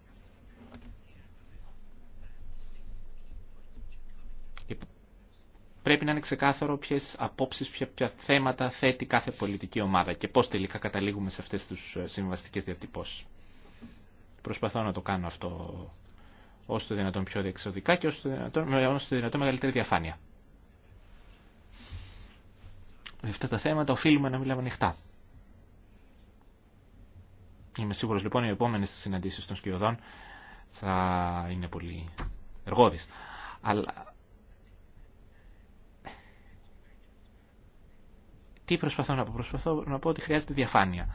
πρέπει να είναι ξεκάθαρο ποιε απόψει, ποια, ποια, θέματα θέτει κάθε πολιτική ομάδα και πώ τελικά καταλήγουμε σε αυτέ τις ε, συμβαστικέ διατυπώσει. Προσπαθώ να το κάνω αυτό όσο το δυνατόν πιο διεξοδικά και όσο το δυνατόν, με όσο το δυνατόν μεγαλύτερη διαφάνεια. Με αυτά τα θέματα οφείλουμε να μιλάμε ανοιχτά. Είμαι σίγουρος λοιπόν οι επόμενες συναντήσεις των σκιωδών θα είναι πολύ εργόδης. Αλλά τι προσπαθώ να πω. Προσπαθώ να πω ότι χρειάζεται διαφάνεια.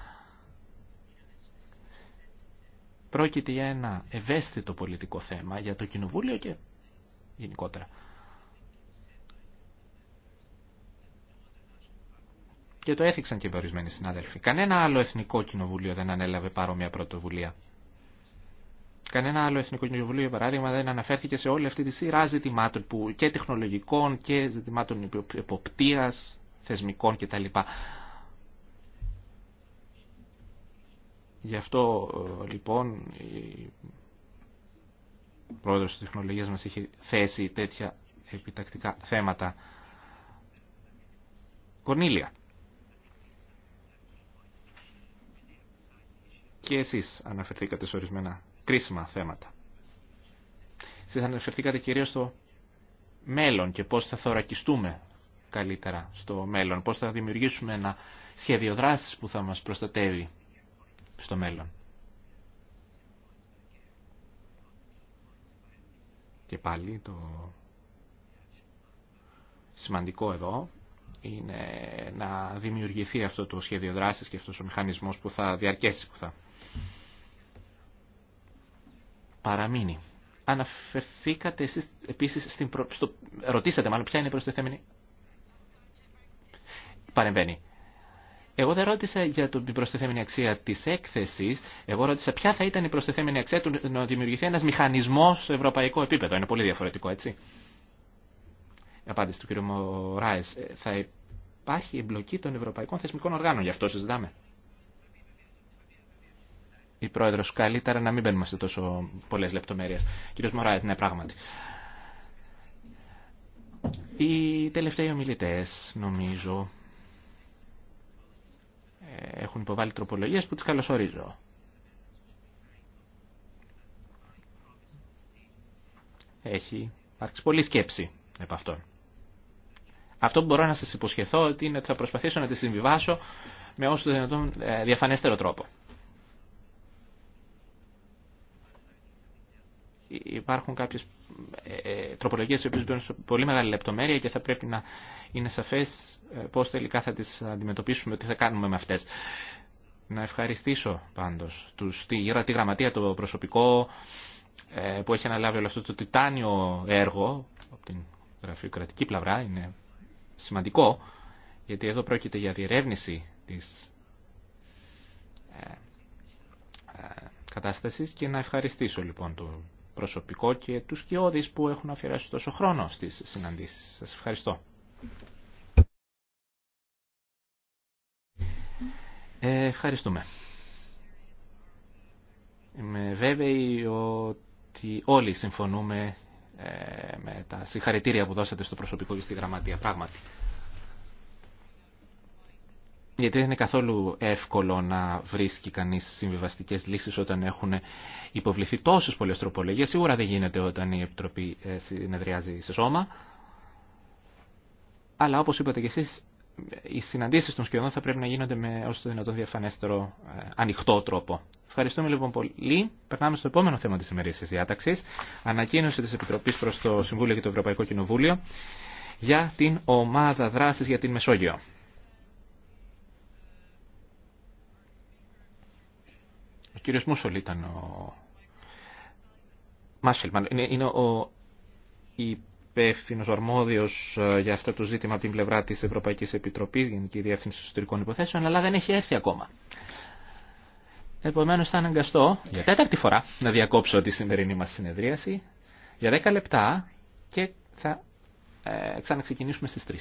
Πρόκειται για ένα ευαίσθητο πολιτικό θέμα για το Κοινοβούλιο και γενικότερα. Και το έθιξαν και ορισμένοι συνάδελφοι. Κανένα άλλο εθνικό κοινοβούλιο δεν ανέλαβε παρόμοια πρωτοβουλία. Κανένα άλλο εθνικό κοινοβούλιο, για παράδειγμα, δεν αναφέρθηκε σε όλη αυτή τη σειρά ζητημάτων που και τεχνολογικών και ζητημάτων εποπτεία, θεσμικών κτλ. Γι' αυτό ε, λοιπόν η πρόεδρος της τεχνολογίας μας έχει θέσει τέτοια επιτακτικά θέματα. κονίλια. Και εσείς αναφερθήκατε σε ορισμένα κρίσιμα θέματα. Εσείς αναφερθήκατε κυρίως στο μέλλον και πώς θα θωρακιστούμε καλύτερα στο μέλλον, πώς θα δημιουργήσουμε ένα σχέδιο δράσης που θα μας προστατεύει στο μέλλον. Και πάλι το σημαντικό εδώ είναι να δημιουργηθεί αυτό το σχέδιο δράσης και αυτός ο μηχανισμός που θα διαρκέσει, που θα παραμείνει. Αναφερθήκατε εσείς επίσης, στην στο... ρωτήσατε μάλλον ποια είναι η προσδεθέμενη. Παρεμβαίνει. Εγώ δεν ρώτησα για την προστιθέμενη αξία τη έκθεση. Εγώ ρώτησα ποια θα ήταν η προστιθέμενη αξία του να δημιουργηθεί ένα μηχανισμό σε ευρωπαϊκό επίπεδο. Είναι πολύ διαφορετικό, έτσι. απάντηση του κ. Μωράε. Θα υπάρχει εμπλοκή των ευρωπαϊκών θεσμικών οργάνων. Γι' αυτό συζητάμε. Η πρόεδρο, καλύτερα να μην μπαίνουμε σε τόσο πολλέ λεπτομέρειε. Κ. Μωράε, ναι, πράγματι. Οι τελευταίοι ομιλητέ, νομίζω, έχουν υποβάλει τροπολογίες που τις καλωσορίζω. Έχει υπάρξει πολλή σκέψη επ' αυτόν. Αυτό που μπορώ να σας υποσχεθώ είναι ότι θα προσπαθήσω να τις συμβιβάσω με όσο το δυνατόν ε, διαφανέστερο τρόπο. Υπάρχουν κάποιες ε, ε, τροπολογίες οι μπαίνουν πολύ μεγάλη λεπτομέρεια και θα πρέπει να είναι σαφές ε, πώς τελικά θα τις αντιμετωπίσουμε, τι θα κάνουμε με αυτές. Να ευχαριστήσω πάντως τους, τη, τη γραμματεία, το προσωπικό που έχει αναλάβει όλο αυτό το τιτάνιο έργο από την γραφειοκρατική πλευρά είναι σημαντικό γιατί εδώ πρόκειται για διερεύνηση της κατάστασης και να ευχαριστήσω λοιπόν τον προσωπικό και τους κοιόδης που έχουν αφιερώσει τόσο χρόνο στις συναντήσεις. Σας ευχαριστώ. Ε, ευχαριστούμε. Είμαι βέβαιη ότι όλοι συμφωνούμε ε, με τα συγχαρητήρια που δώσατε στο προσωπικό και στη γραμματεία. Πράγματι γιατί δεν είναι καθόλου εύκολο να βρίσκει κανείς συμβιβαστικές λύσεις όταν έχουν υποβληθεί τόσες πολλές τροπολογίες. Σίγουρα δεν γίνεται όταν η Επιτροπή ε, συνεδριάζει σε σώμα. Αλλά όπως είπατε κι εσείς, οι συναντήσεις των σχεδόν θα πρέπει να γίνονται με όσο το δυνατόν διαφανέστερο ε, ανοιχτό τρόπο. Ευχαριστούμε λοιπόν πολύ. Περνάμε στο επόμενο θέμα της ημερήσια διάταξης. Ανακοίνωση της Επιτροπής προς το Συμβούλιο και το Ευρωπαϊκό Κοινοβούλιο για την ομάδα δράσης για την Μεσόγειο. Ο κύριος Μούσολ ήταν ο... Μάσελ, είναι, είναι ο υπεύθυνο ορμόδιο ε, για αυτό το ζήτημα από την πλευρά τη Ευρωπαϊκή Επιτροπή, Γενική Διεύθυνση Εσωτερικών Υποθέσεων, αλλά δεν έχει έρθει ακόμα. Επομένω, θα αναγκαστώ για τέταρτη φορά να διακόψω τη σημερινή μα συνεδρίαση για 10 λεπτά και θα ε, ξαναξεκινήσουμε στι 3.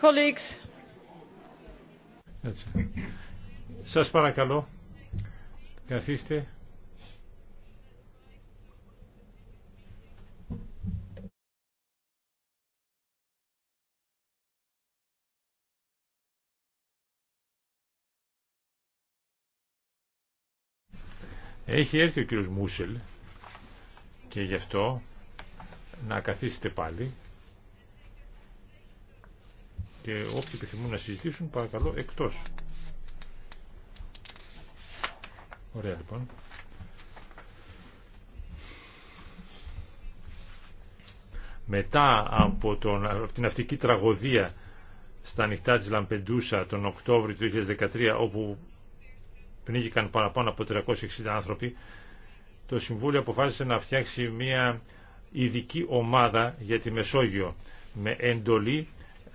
Colleagues. Σας παρακαλώ, καθίστε. Έχει έρθει ο κύριος Μούσελ και γι' αυτό να καθίσετε πάλι και όποιοι επιθυμούν να συζητήσουν παρακαλώ εκτός. Ωραία λοιπόν. Μετά από, τον, την αυτική τραγωδία στα νυχτά της Λαμπεντούσα τον Οκτώβριο του 2013 όπου πνίγηκαν παραπάνω από 360 άνθρωποι το Συμβούλιο αποφάσισε να φτιάξει μια ειδική ομάδα για τη Μεσόγειο με εντολή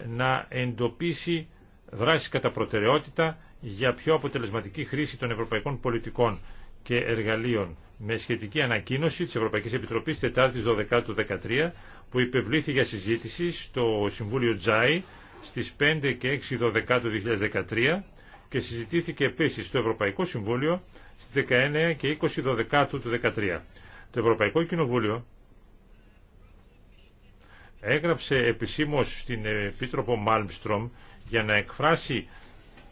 να εντοπίσει δράσεις κατά προτεραιότητα για πιο αποτελεσματική χρήση των ευρωπαϊκών πολιτικών και εργαλείων με σχετική ανακοίνωση της Ευρωπαϊκής Επιτροπής 12 του 2013 που υπευλήθη για συζήτηση στο Συμβούλιο Τζάι στις 5 και 6 12 του 2013 και συζητήθηκε επίσης στο Ευρωπαϊκό Συμβούλιο στις 19 και 20 12 του 2013. Το Ευρωπαϊκό Κοινοβούλιο έγραψε επισήμως στην Επίτροπο Μάλμστρομ για να εκφράσει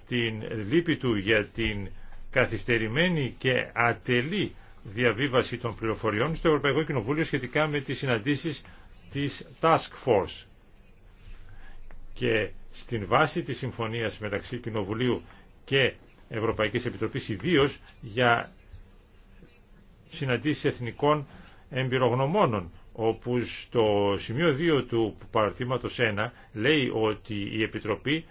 την λύπη του για την καθυστερημένη και ατελή διαβίβαση των πληροφοριών στο Ευρωπαϊκό Κοινοβούλιο σχετικά με τις συναντήσεις της Task Force. Και στην βάση της συμφωνίας μεταξύ Κοινοβουλίου και Ευρωπαϊκής Επιτροπής ιδίω για συναντήσεις εθνικών εμπειρογνωμόνων όπου στο σημείο 2 του παρατήματος 1 λέει ότι η Επιτροπή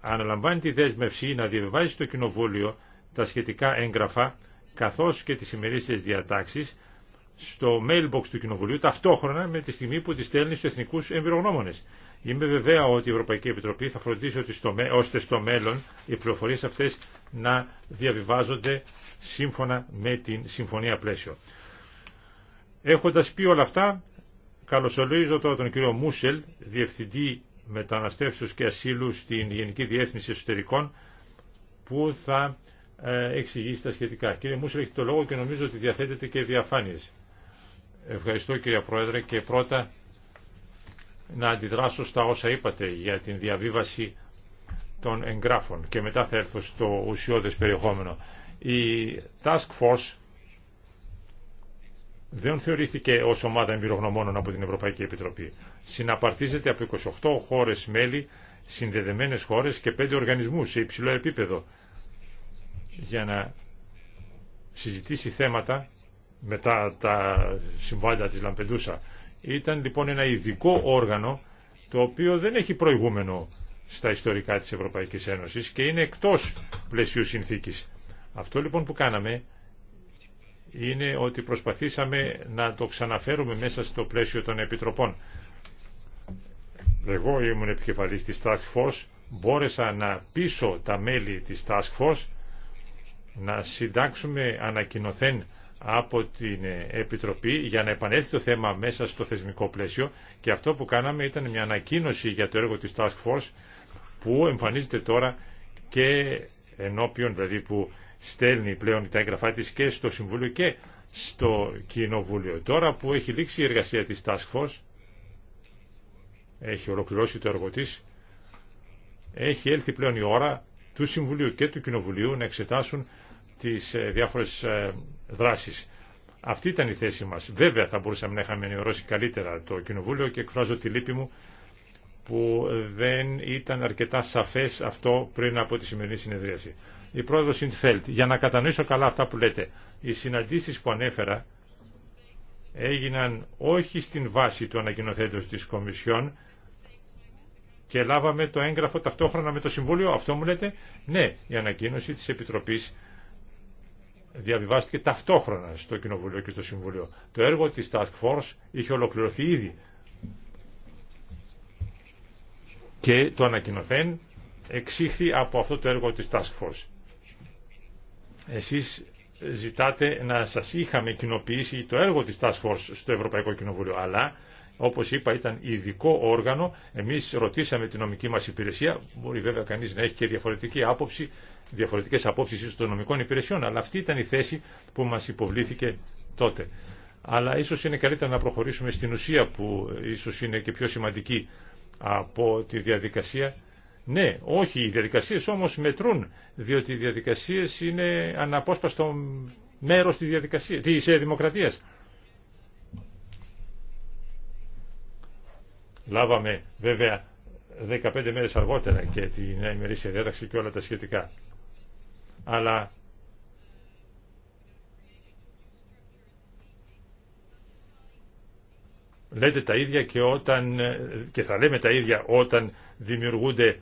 αναλαμβάνει τη δέσμευση να διαβιβάζει στο Κοινοβούλιο τα σχετικά έγγραφα καθώς και τις ημερήσιες διατάξεις στο mailbox του Κοινοβουλίου ταυτόχρονα με τη στιγμή που τη στέλνει στους εθνικούς εμπειρογνώμονες. Είμαι βεβαία ότι η Ευρωπαϊκή Επιτροπή θα φροντίσει ότι στο, ώστε στο μέλλον οι πληροφορίες αυτές να διαβιβάζονται σύμφωνα με την Συμφωνία Πλαίσιο. Έχοντας πει όλα αυτά, καλωσορίζω τώρα τον κύριο Μούσελ, Διευθυντή Μεταναστεύσεως και Ασύλου στην Γενική Διεύθυνση Εσωτερικών, που θα ε, εξηγήσει τα σχετικά. Κύριε Μούσελ, έχετε το λόγο και νομίζω ότι διαθέτεται και διαφάνειες. Ευχαριστώ κύριε Πρόεδρε και πρώτα να αντιδράσω στα όσα είπατε για την διαβίβαση των εγγράφων και μετά θα έρθω στο ουσιώδες περιεχόμενο. Η Task Force δεν θεωρήθηκε ως ομάδα εμπειρογνωμόνων από την Ευρωπαϊκή Επιτροπή. Συναπαρτίζεται από 28 χώρες μέλη, συνδεδεμένες χώρες και 5 οργανισμούς σε υψηλό επίπεδο για να συζητήσει θέματα μετά τα συμβάντα της Λαμπεντούσα. Ήταν λοιπόν ένα ειδικό όργανο το οποίο δεν έχει προηγούμενο στα ιστορικά της Ευρωπαϊκής Ένωσης και είναι εκτός πλαισίου συνθήκης. Αυτό λοιπόν που κάναμε είναι ότι προσπαθήσαμε να το ξαναφέρουμε μέσα στο πλαίσιο των επιτροπών. Εγώ ήμουν επικεφαλής της Task Force, μπόρεσα να πείσω τα μέλη της Task Force να συντάξουμε ανακοινοθέν από την Επιτροπή για να επανέλθει το θέμα μέσα στο θεσμικό πλαίσιο και αυτό που κάναμε ήταν μια ανακοίνωση για το έργο της Task Force που εμφανίζεται τώρα και ενώπιον, δηλαδή που στέλνει πλέον τα έγγραφά της και στο Συμβούλιο και στο Κοινοβούλιο. Τώρα που έχει λήξει η εργασία της Task Force, έχει ολοκληρώσει το έργο της, έχει έλθει πλέον η ώρα του Συμβουλίου και του Κοινοβουλίου να εξετάσουν τις ε, διάφορες ε, δράσεις. Αυτή ήταν η θέση μας. Βέβαια θα μπορούσαμε να είχαμε ενημερώσει καλύτερα το Κοινοβούλιο και εκφράζω τη λύπη μου που δεν ήταν αρκετά σαφές αυτό πριν από τη σημερινή συνεδρίαση η πρόεδρος Ιντφέλτ, για να κατανοήσω καλά αυτά που λέτε, οι συναντήσει που ανέφερα έγιναν όχι στην βάση του ανακοινοθέντος της Κομισιόν και λάβαμε το έγγραφο ταυτόχρονα με το Συμβούλιο. Αυτό μου λέτε. Ναι, η ανακοίνωση της Επιτροπής διαβιβάστηκε ταυτόχρονα στο Κοινοβούλιο και στο Συμβούλιο. Το έργο της Task Force είχε ολοκληρωθεί ήδη. Και το ανακοινοθέν εξήχθη από αυτό το έργο της Task Force. Εσείς ζητάτε να σας είχαμε κοινοποιήσει το έργο της Task Force στο Ευρωπαϊκό Κοινοβούλιο, αλλά όπως είπα ήταν ειδικό όργανο, εμείς ρωτήσαμε την νομική μας υπηρεσία, μπορεί βέβαια κανείς να έχει και διαφορετική άποψη, διαφορετικές απόψεις ίσως των νομικών υπηρεσιών, αλλά αυτή ήταν η θέση που μας υποβλήθηκε τότε. Αλλά ίσως είναι καλύτερα να προχωρήσουμε στην ουσία που ίσως είναι και πιο σημαντική από τη διαδικασία ναι, όχι, οι διαδικασίες όμως μετρούν, διότι οι διαδικασίες είναι αναπόσπαστο μέρος της, διαδικασίας, της ε, δημοκρατίας. Λάβαμε βέβαια 15 μέρες αργότερα και την ημερήσια διάταξη και όλα τα σχετικά. Αλλά λέτε τα ίδια και, όταν, ε, και θα λέμε τα ίδια όταν δημιουργούνται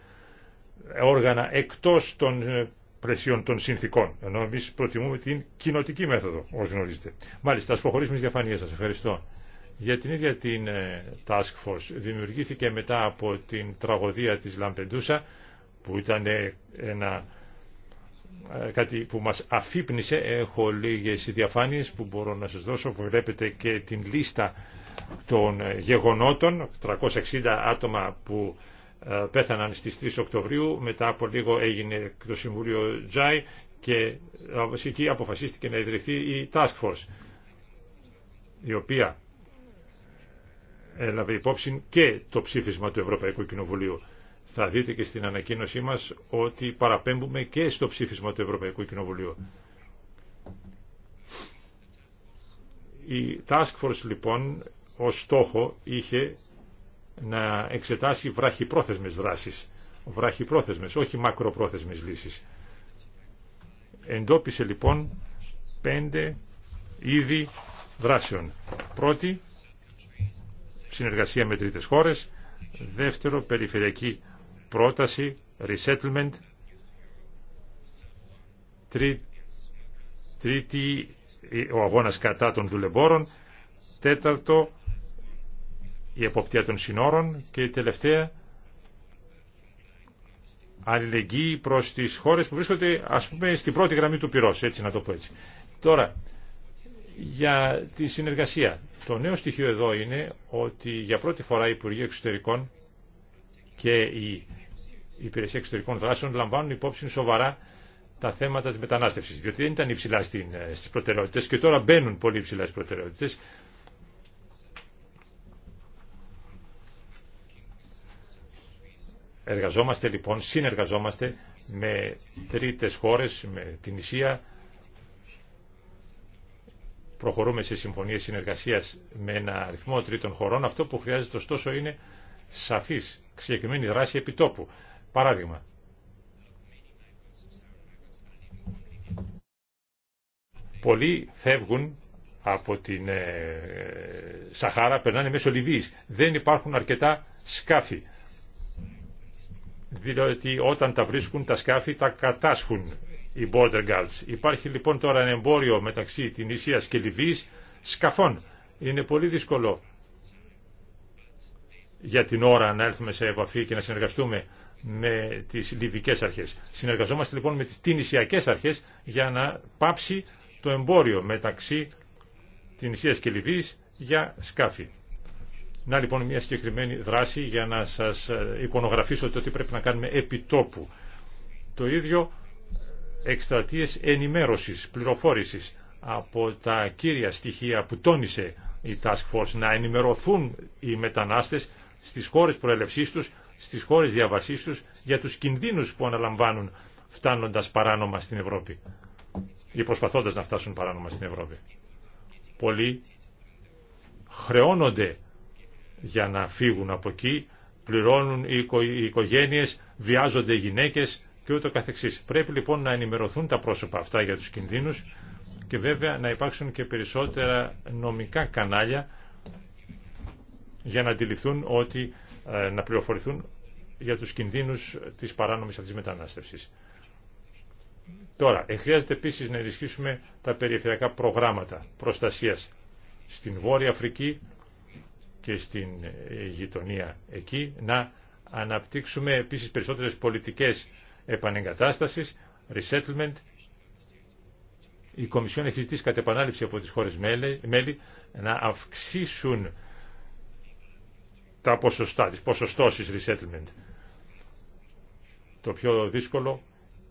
όργανα εκτός των ε, πλαισίων των συνθήκων. Ενώ εμεί προτιμούμε την κοινοτική μέθοδο, όπω γνωρίζετε. Μάλιστα, α προχωρήσουμε στι διαφάνειέ σα. Ευχαριστώ. Για την ίδια την ε, Task Force δημιουργήθηκε μετά από την τραγωδία της Λαμπεντούσα που ήταν ε, ένα, κάτι που μας αφύπνισε. Έχω λίγες διαφάνειες που μπορώ να σας δώσω βλέπετε και την λίστα των γεγονότων 360 άτομα που ε, πέθαναν στις 3 Οκτωβρίου, μετά από λίγο έγινε το Συμβούλιο Τζάι και ε, εκεί αποφασίστηκε να ιδρυθεί η Task Force, η οποία έλαβε υπόψη και το ψήφισμα του Ευρωπαϊκού Κοινοβουλίου. Θα δείτε και στην ανακοίνωσή μας ότι παραπέμπουμε και στο ψήφισμα του Ευρωπαϊκού Κοινοβουλίου. Η Task Force λοιπόν ως στόχο είχε να εξετάσει βραχυπρόθεσμες δράσεις, βραχυπρόθεσμες, όχι μακροπρόθεσμες λύσεις. Εντόπισε λοιπόν πέντε είδη δράσεων. Πρώτη, συνεργασία με τρίτες χώρες. Δεύτερο, περιφερειακή πρόταση, resettlement. τρίτη, ο αγώνας κατά των δουλεμπόρων. Τέταρτο, η εποπτεία των συνόρων και η τελευταία αλληλεγγύη προς τις χώρες που βρίσκονται ας πούμε στην πρώτη γραμμή του πυρός, έτσι να το πω έτσι. Τώρα, για τη συνεργασία. Το νέο στοιχείο εδώ είναι ότι για πρώτη φορά οι Υπουργοί Εξωτερικών και η Υπηρεσία Εξωτερικών Δράσεων λαμβάνουν υπόψη σοβαρά τα θέματα της μετανάστευσης, διότι δεν ήταν υψηλά ε, στις προτεραιότητες και τώρα μπαίνουν πολύ υψηλά στις προτεραιότητες Εργαζόμαστε λοιπόν, συνεργαζόμαστε με τρίτες χώρες, με την Ισία. Προχωρούμε σε συμφωνίες συνεργασίας με ένα αριθμό τρίτων χωρών. Αυτό που χρειάζεται ωστόσο είναι σαφής, συγκεκριμένη δράση επιτόπου. Παράδειγμα, πολλοί φεύγουν από την ε, Σαχάρα, περνάνε μέσω Λιβύης. Δεν υπάρχουν αρκετά σκάφη διότι όταν τα βρίσκουν τα σκάφη τα κατάσχουν οι border guards. Υπάρχει λοιπόν τώρα ένα εμπόριο μεταξύ την Ισίας και Λιβύης σκαφών. Είναι πολύ δύσκολο για την ώρα να έρθουμε σε επαφή και να συνεργαστούμε με τις λιβικές αρχές. Συνεργαζόμαστε λοιπόν με τις τινησιακές αρχές για να πάψει το εμπόριο μεταξύ Τινησίας και Λιβύης για σκάφη. Να λοιπόν μια συγκεκριμένη δράση για να σας ε, εικονογραφήσω το τι πρέπει να κάνουμε επιτόπου. Το ίδιο εκστρατείες ενημέρωσης, πληροφόρησης από τα κύρια στοιχεία που τόνισε η Task Force να ενημερωθούν οι μετανάστες στις χώρες προελευσής τους, στις χώρες διαβασής τους για τους κινδύνους που αναλαμβάνουν φτάνοντας παράνομα στην Ευρώπη ή προσπαθώντας να φτάσουν παράνομα στην Ευρώπη. Πολλοί χρεώνονται για να φύγουν από εκεί, πληρώνουν οι, οικο, οικογένειες, βιάζονται οι γυναίκες και ούτω καθεξής. Πρέπει λοιπόν να ενημερωθούν τα πρόσωπα αυτά για τους κινδύνους και βέβαια να υπάρξουν και περισσότερα νομικά κανάλια για να αντιληφθούν ότι ε, να πληροφορηθούν για τους κινδύνους της παράνομης αυτής μετανάστευσης. Τώρα, χρειάζεται επίσης να ενισχύσουμε τα περιφερειακά προγράμματα προστασίας. Στην Βόρεια Αφρική και στην ε, γειτονία εκεί, να αναπτύξουμε επίσης περισσότερες πολιτικές επανεγκατάστασης, resettlement. Η Κομισιόν έχει ζητήσει κατ' επανάληψη από τις χώρες μέλη να αυξήσουν τα ποσοστά, τις ποσοστώσεις resettlement. Το πιο δύσκολο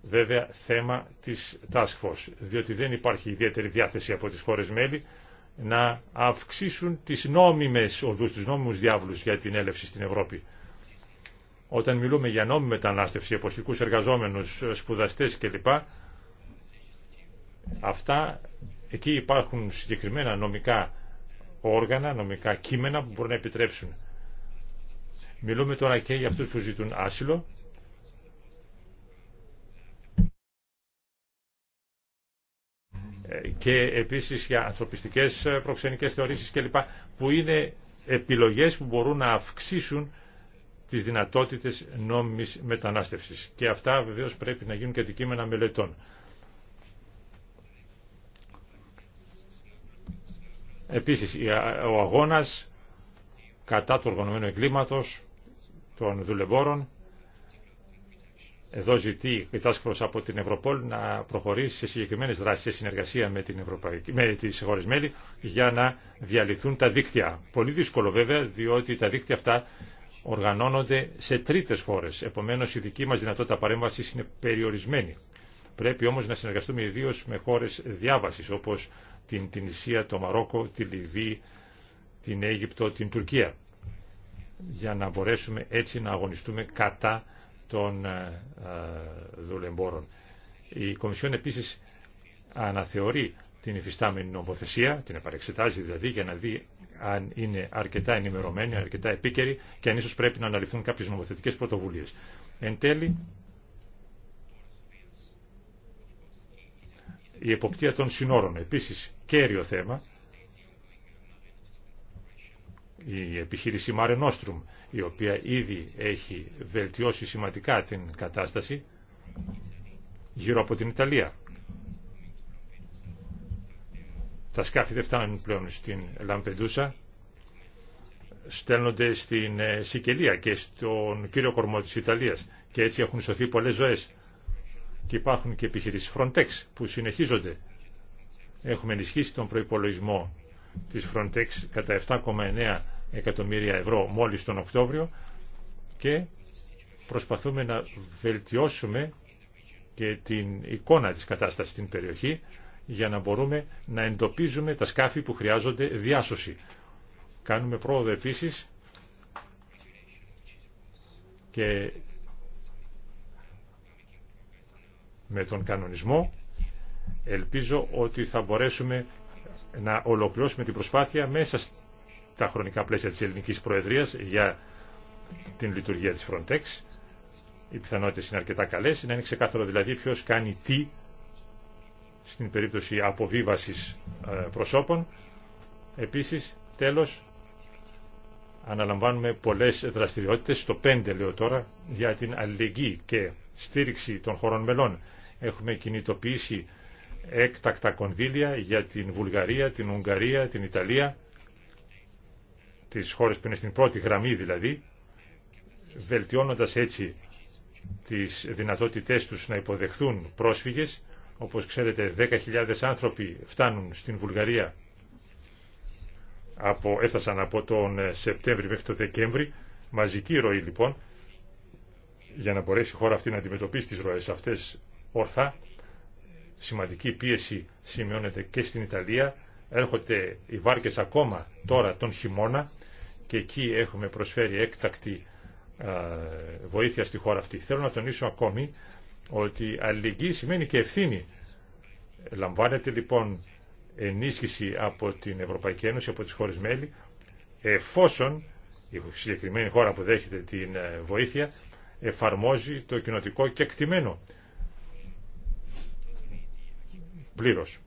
βέβαια θέμα της Task Force, διότι δεν υπάρχει ιδιαίτερη διάθεση από τις χώρες μέλη να αυξήσουν τις νόμιμες οδούς, τους νόμιμους διάβλους για την έλευση στην Ευρώπη. Όταν μιλούμε για νόμιμη μετανάστευση, εποχικούς εργαζόμενους, σπουδαστές κλπ. Αυτά, εκεί υπάρχουν συγκεκριμένα νομικά όργανα, νομικά κείμενα που μπορούν να επιτρέψουν. Μιλούμε τώρα και για αυτούς που ζητούν άσυλο και επίσης για ανθρωπιστικές ε, προξενικές θεωρήσεις κλπ. που είναι επιλογές που μπορούν να αυξήσουν τις δυνατότητες νόμιμης μετανάστευσης. Και αυτά βεβαίως πρέπει να γίνουν και αντικείμενα μελετών. Επίσης, ο αγώνας κατά του οργανωμένου εγκλήματος των δουλευόρων εδώ ζητεί η Task Force από την Ευρωπόλ να προχωρήσει σε συγκεκριμένες δράσεις σε συνεργασία με, την Ευρωπαϊκή, με τις χώρες μέλη για να διαλυθούν τα δίκτυα. Πολύ δύσκολο βέβαια διότι τα δίκτυα αυτά οργανώνονται σε τρίτες χώρες. Επομένως η δική μας δυνατότητα παρέμβαση είναι περιορισμένη. Πρέπει όμως να συνεργαστούμε ιδίω με χώρες διάβασης όπως την Τινησία, το Μαρόκο, τη Λιβύη, την Αίγυπτο, την Τουρκία για να μπορέσουμε έτσι να αγωνιστούμε κατά των ε, ε, δουλεμπόρων. Η Κομισιόν επίσης αναθεωρεί την υφιστάμενη νομοθεσία, την επαρεξετάζει δηλαδή για να δει αν είναι αρκετά ενημερωμένη, αρκετά επίκαιρη και αν ίσως πρέπει να αναλυθούν κάποιες νομοθετικές πρωτοβουλίες. Εν τέλει, η εποπτεία των συνόρων, επίσης κέριο θέμα, η επιχείρηση Mare Nostrum, η οποία ήδη έχει βελτιώσει σημαντικά την κατάσταση γύρω από την Ιταλία. Τα σκάφη δεν φτάνουν πλέον στην Λαμπεντούσα, στέλνονται στην ε, Σικελία και στον κύριο κορμό της Ιταλίας και έτσι έχουν σωθεί πολλές ζωές. Και υπάρχουν και επιχειρήσεις Frontex που συνεχίζονται. Έχουμε ενισχύσει τον προϋπολογισμό της Frontex κατά 7,9 εκατομμύρια ευρώ μόλις τον Οκτώβριο και προσπαθούμε να βελτιώσουμε και την εικόνα της κατάστασης στην περιοχή για να μπορούμε να εντοπίζουμε τα σκάφη που χρειάζονται διάσωση. Κάνουμε πρόοδο επίσης και με τον κανονισμό ελπίζω ότι θα μπορέσουμε να ολοκληρώσουμε την προσπάθεια μέσα τα χρονικά πλαίσια της ελληνικής προεδρίας για την λειτουργία της Frontex. Οι πιθανότητες είναι αρκετά καλές, να είναι ξεκάθαρο δηλαδή ποιος κάνει τι στην περίπτωση αποβίβασης ε, προσώπων. Επίσης, τέλος, αναλαμβάνουμε πολλές δραστηριότητες, το 5 λέω τώρα, για την αλληλεγγύη και στήριξη των χωρών μελών. Έχουμε κινητοποιήσει έκτακτα κονδύλια για την Βουλγαρία, την Ουγγαρία, την Ιταλία τις χώρες που είναι στην πρώτη γραμμή δηλαδή, βελτιώνοντας έτσι τις δυνατότητές τους να υποδεχθούν πρόσφυγες. Όπως ξέρετε, 10.000 άνθρωποι φτάνουν στην Βουλγαρία, από, έφτασαν από τον Σεπτέμβρη μέχρι τον Δεκέμβρη, μαζική ροή λοιπόν, για να μπορέσει η χώρα αυτή να αντιμετωπίσει τις ροές αυτές ορθά. Σημαντική πίεση σημειώνεται και στην Ιταλία, έρχονται οι βάρκες ακόμα τώρα τον χειμώνα και εκεί έχουμε προσφέρει έκτακτη ε, βοήθεια στη χώρα αυτή. Θέλω να τονίσω ακόμη ότι αλληλεγγύη σημαίνει και ευθύνη. Λαμβάνεται λοιπόν ενίσχυση από την Ευρωπαϊκή Ένωση, από τις χώρες μέλη, εφόσον η συγκεκριμένη χώρα που δέχεται την ε, βοήθεια εφαρμόζει το κοινοτικό και εκτιμένο πλήρως.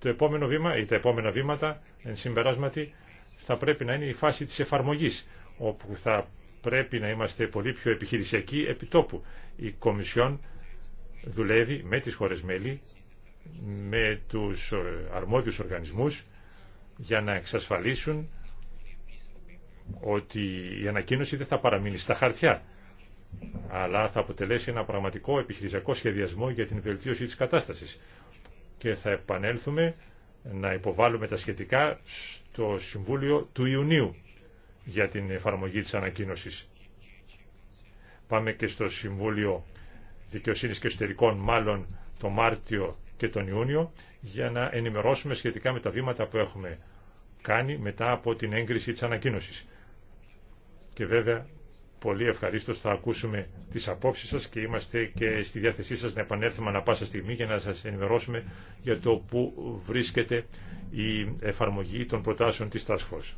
Το επόμενο βήμα ή τα επόμενα βήματα εν συμπεράσματι θα πρέπει να είναι η φάση της εφαρμογής όπου θα πρέπει να είμαστε πολύ πιο επιχειρησιακοί επιτόπου. Η Κομισιόν δουλεύει με τις χώρες μέλη, με τους αρμόδιους οργανισμούς για να εξασφαλίσουν ότι η ανακοίνωση δεν θα παραμείνει στα χαρτιά αλλά θα αποτελέσει ένα πραγματικό επιχειρησιακό σχεδιασμό για την βελτίωση της κατάστασης και θα επανέλθουμε να υποβάλουμε τα σχετικά στο Συμβούλιο του Ιουνίου για την εφαρμογή της ανακοίνωσης. Πάμε και στο Συμβούλιο Δικαιοσύνης και Εσωτερικών μάλλον το Μάρτιο και τον Ιούνιο για να ενημερώσουμε σχετικά με τα βήματα που έχουμε κάνει μετά από την έγκριση της ανακοίνωσης. Και βέβαια πολύ ευχαρίστως θα ακούσουμε τις απόψεις σας και είμαστε και στη διάθεσή σας να επανέλθουμε ανα πάσα στιγμή για να σας ενημερώσουμε για το πού βρίσκεται η εφαρμογή των προτάσεων της Task Force.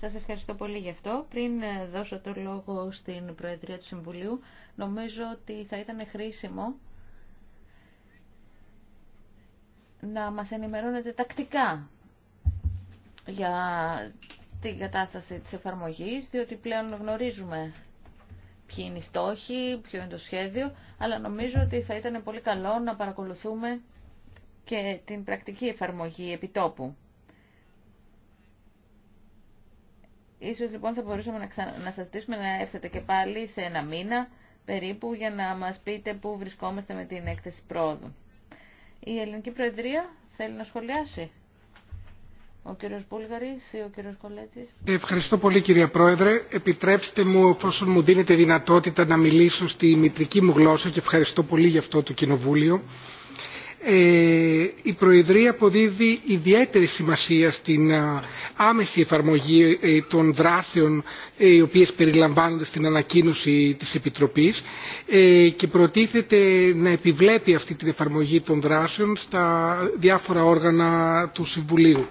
Σας ευχαριστώ πολύ γι' αυτό. Πριν δώσω το λόγο στην Προεδρία του Συμβουλίου, νομίζω ότι θα ήταν χρήσιμο να μας ενημερώνετε τακτικά για την κατάσταση της εφαρμογής, διότι πλέον γνωρίζουμε ποιοι είναι οι στόχοι, ποιο είναι το σχέδιο, αλλά νομίζω ότι θα ήταν πολύ καλό να παρακολουθούμε και την πρακτική εφαρμογή επιτόπου. Ίσως λοιπόν θα μπορούσαμε να, ξα... να σας ζητήσουμε να έρθετε και πάλι σε ένα μήνα περίπου για να μας πείτε πού βρισκόμαστε με την έκθεση πρόοδου. Η Ελληνική Προεδρία θέλει να σχολιάσει. Ο κύριος ή ο κύριος Ευχαριστώ πολύ κυρία Πρόεδρε. Επιτρέψτε μου, εφόσον μου δίνετε δυνατότητα να μιλήσω στη μητρική μου γλώσσα και ευχαριστώ πολύ για αυτό το Κοινοβούλιο. Ε, η Προεδρία αποδίδει ιδιαίτερη σημασία στην ε, άμεση εφαρμογή ε, των δράσεων οι οποίες περιλαμβάνονται στην ανακοίνωση της Επιτροπής και προτίθεται να επιβλέπει αυτή την εφαρμογή των δράσεων στα διάφορα όργανα του Συμβουλίου.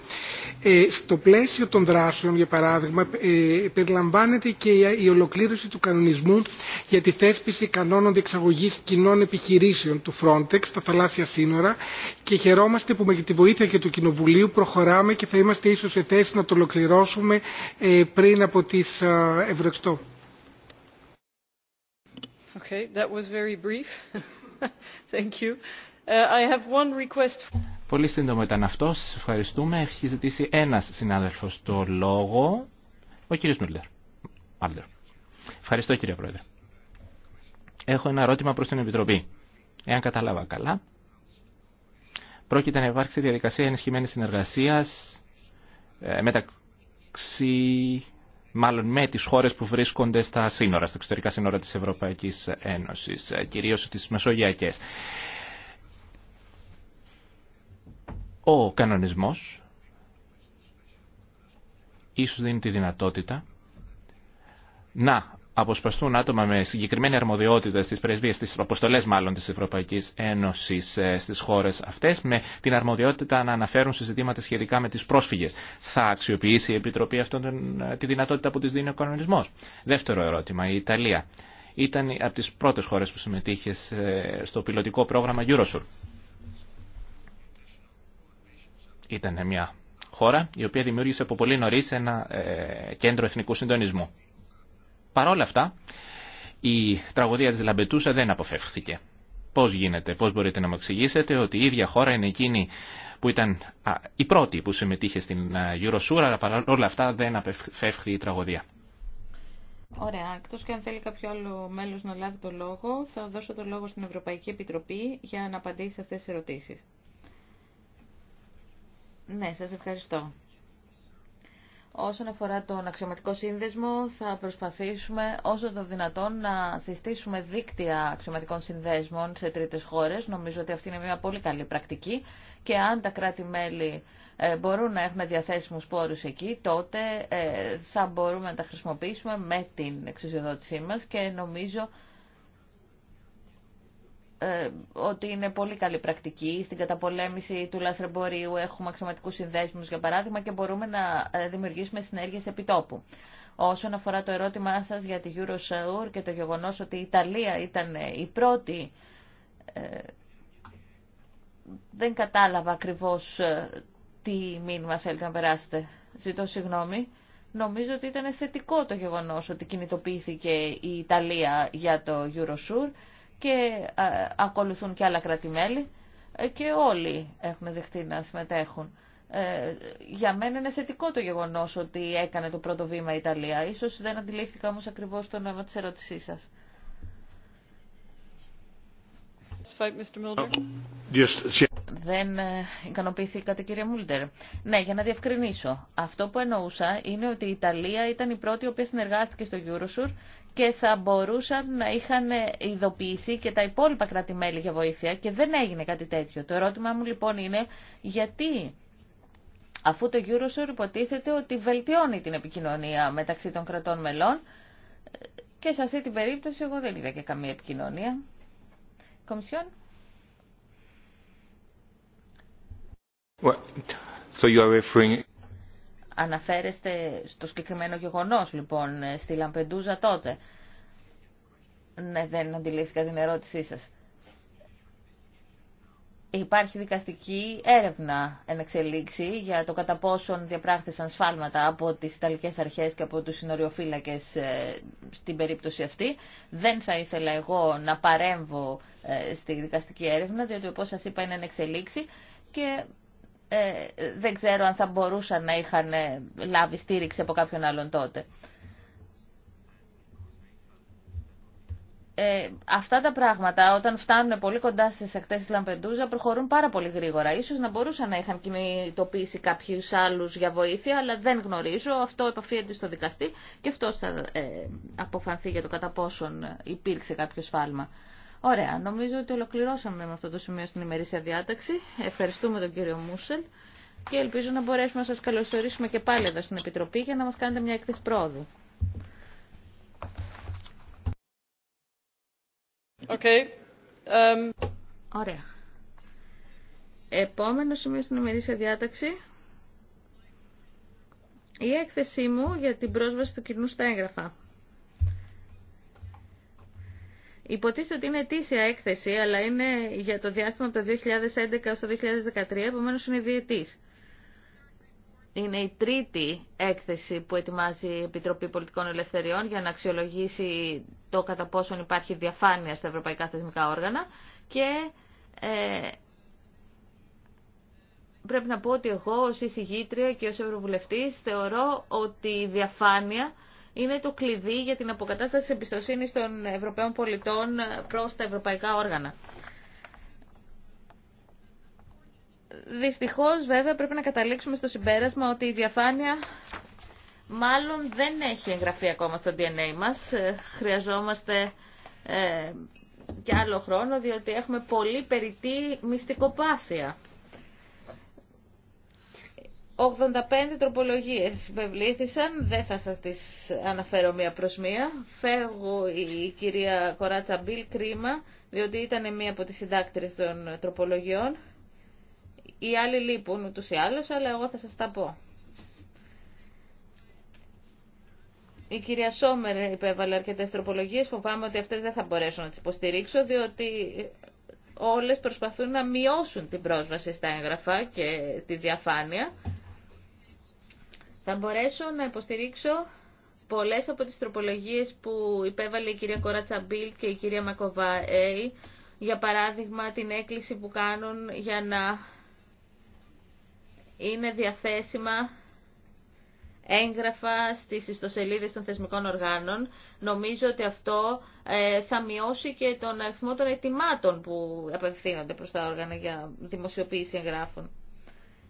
Ε, στο πλαίσιο των δράσεων, για παράδειγμα, ε, περιλαμβάνεται και η ολοκλήρωση του κανονισμού για τη θέσπιση κανόνων διεξαγωγής κοινών επιχειρήσεων του Frontex στα θαλάσσια σύνορα και χαιρόμαστε που με τη βοήθεια και του Κοινοβουλίου προχωράμε και θα είμαστε ίσως σε θέση να το ολοκληρώσουμε ε, πριν από τις Ευρωεξτό. Πολύ σύντομο ήταν αυτό. σα ευχαριστούμε. Έχει ζητήσει ένα συνάδελφος το λόγο. Ο κύριο Μιλτερ. Ευχαριστώ κύριε Πρόεδρε. Έχω ένα ερώτημα προ την Επιτροπή. Εάν κατάλαβα καλά, πρόκειται να υπάρξει διαδικασία ενισχυμένης συνεργασίας ε, μεταξύ μάλλον με τις χώρες που βρίσκονται στα σύνορα, στα εξωτερικά σύνορα της Ευρωπαϊκής Ένωσης, ε, κυρίως τις μεσογειακές. Ο κανονισμός ίσως δίνει τη δυνατότητα να αποσπαστούν άτομα με συγκεκριμένη αρμοδιότητα στις πρεσβείες, στις αποστολές μάλλον της Ευρωπαϊκής Ένωσης ε, στις χώρες αυτές, με την αρμοδιότητα να αναφέρουν σε ζητήματα σχετικά με τις πρόσφυγες. Θα αξιοποιήσει η Επιτροπή αυτή ε, τη δυνατότητα που της δίνει ο κανονισμός. Δεύτερο ερώτημα, η Ιταλία. Ήταν από τις πρώτες χώρες που συμμετείχε στο πιλωτικό πρόγραμμα Eurosur. Ήταν μια χώρα η οποία δημιούργησε από πολύ νωρί ένα ε, κέντρο εθνικού συντονισμού. Παρ' όλα αυτά, η τραγωδία της Λαμπετούσα δεν αποφεύχθηκε. Πώς γίνεται, πώς μπορείτε να μου εξηγήσετε ότι η ίδια χώρα είναι εκείνη που ήταν η πρώτη που συμμετείχε στην Γιουροσούρα ε, αλλά παρ' όλα αυτά δεν αποφεύχθηκε η τραγωδία. Ωραία. εκτό και αν θέλει κάποιο άλλο μέλος να λάβει το λόγο, θα δώσω το λόγο στην Ευρωπαϊκή Επιτροπή για να απαντήσει σε αυτές τις ερωτήσεις. Ναι, σας ευχαριστώ. Όσον αφορά τον αξιωματικό σύνδεσμο, θα προσπαθήσουμε όσο το δυνατόν να συστήσουμε δίκτυα αξιωματικών συνδέσμων σε τρίτες χώρες. Νομίζω ότι αυτή είναι μια πολύ καλή πρακτική και αν τα κράτη-μέλη ε, μπορούν να έχουν διαθέσιμους πόρους εκεί, τότε ε, θα μπορούμε να τα χρησιμοποιήσουμε με την εξουσιοδότησή μας και νομίζω ε, ότι είναι πολύ καλή πρακτική. Στην καταπολέμηση του λαθρεμπορίου έχουμε αξιωματικούς συνδέσμους, για παράδειγμα, και μπορούμε να ε, δημιουργήσουμε συνέργειε επιτόπου. Όσον αφορά το ερώτημά σας για τη Eurosur και το γεγονό ότι η Ιταλία ήταν η πρώτη, ε, δεν κατάλαβα ακριβώς τι μήνυμα θέλετε να περάσετε. Ζητώ συγγνώμη. Νομίζω ότι ήταν θετικό το γεγονός ότι κινητοποιήθηκε η Ιταλία για το Eurosur και ε, ακολουθούν και άλλα κρατημέλη ε, και όλοι έχουν δεχτεί να συμμετέχουν. Ε, για μένα είναι θετικό το γεγονός ότι έκανε το πρώτο βήμα η Ιταλία. Ίσως δεν αντιλήφθηκα όμως ακριβώς το νόημα της ερώτησής σας. Δεν ικανοποιηθήκατε κύριε Μούλτερ. Ναι, για να διευκρινίσω. Αυτό που εννοούσα είναι ότι η Ιταλία ήταν η πρώτη η οποία συνεργάστηκε στο Eurosur και θα μπορούσαν να είχαν ειδοποιήσει και τα υπόλοιπα κράτη-μέλη για βοήθεια και δεν έγινε κάτι τέτοιο. Το ερώτημά μου λοιπόν είναι γιατί αφού το Eurosur υποτίθεται ότι βελτιώνει την επικοινωνία μεταξύ των κρατών μελών και σε αυτή την περίπτωση εγώ δεν είδα και καμία επικοινωνία. Κομισιόν. Well, so Αναφέρεστε στο συγκεκριμένο γεγονός, λοιπόν, στη Λαμπεντούζα τότε. Ναι, δεν αντιλήφθηκα την ερώτησή σας. Υπάρχει δικαστική έρευνα εν εξελίξη για το κατά πόσον διαπράχθησαν σφάλματα από τις Ιταλικές αρχές και από τους συνοριοφύλακες ε, στην περίπτωση αυτή. Δεν θα ήθελα εγώ να παρέμβω ε, στη δικαστική έρευνα, διότι όπως σας είπα είναι εν εξελίξη και ε, δεν ξέρω αν θα μπορούσαν να είχαν ε, λάβει στήριξη από κάποιον άλλον τότε. Ε, αυτά τα πράγματα όταν φτάνουν πολύ κοντά στις ακτές της Λαμπεντούζα προχωρούν πάρα πολύ γρήγορα. Ίσως να μπορούσαν να είχαν κινητοποιήσει κάποιους άλλους για βοήθεια, αλλά δεν γνωρίζω. Αυτό επαφίεται στο δικαστή και αυτό θα ε, αποφανθεί για το κατά πόσον υπήρξε κάποιο σφάλμα. Ωραία, νομίζω ότι ολοκληρώσαμε με αυτό το σημείο στην ημερήσια διάταξη. Ευχαριστούμε τον κύριο Μούσελ και ελπίζω να μπορέσουμε να σας καλωσορίσουμε και πάλι εδώ στην Επιτροπή για να μας κάνετε μια έκθεση πρόοδου. Okay. Um, Ωραία. Επόμενο σημείο στην ημερήσια διάταξη. Η έκθεσή μου για την πρόσβαση του κοινού στα έγγραφα. Υποτίθεται ότι είναι ετήσια έκθεση, αλλά είναι για το διάστημα από το 2011 έως το 2013, επομένως είναι διετής. Είναι η τρίτη έκθεση που ετοιμάζει η Επιτροπή Πολιτικών Ελευθεριών για να αξιολογήσει το κατά πόσον υπάρχει διαφάνεια στα ευρωπαϊκά θεσμικά όργανα και ε, πρέπει να πω ότι εγώ ως εισηγήτρια και ως ευρωβουλευτής θεωρώ ότι η διαφάνεια είναι το κλειδί για την αποκατάσταση της εμπιστοσύνης των Ευρωπαίων πολιτών προς τα ευρωπαϊκά όργανα. Δυστυχώς βέβαια πρέπει να καταλήξουμε στο συμπέρασμα ότι η διαφάνεια μάλλον δεν έχει εγγραφεί ακόμα στο DNA μας. Ε, χρειαζόμαστε ε, και άλλο χρόνο διότι έχουμε πολύ περιττή μυστικοπάθεια. 85 τροπολογίες υπευλήθησαν, δεν θα σας τις αναφέρω μία προς μία. Φεύγω η κυρία Κοράτσα Μπίλ κρίμα, διότι ήταν μία από τις συντάκτρες των τροπολογιών. Οι άλλοι λείπουν ούτως ή άλλως, αλλά εγώ θα σας τα πω. Η κυρία Σόμερ υπέβαλε αρκετέ τροπολογίε. Φοβάμαι ότι αυτέ δεν θα μπορέσω να τι υποστηρίξω, διότι όλε προσπαθούν να μειώσουν την πρόσβαση στα έγγραφα και τη διαφάνεια. Θα μπορέσω να υποστηρίξω πολλές από τις τροπολογίες που υπέβαλε η κυρία Κοράτσα και η κυρία Μακοβάη, για παράδειγμα την έκκληση που κάνουν για να είναι διαθέσιμα έγγραφα στις ιστοσελίδες των θεσμικών οργάνων. Νομίζω ότι αυτό ε, θα μειώσει και τον αριθμό των ετοιμάτων που απευθύνονται προς τα όργανα για δημοσιοποίηση εγγράφων.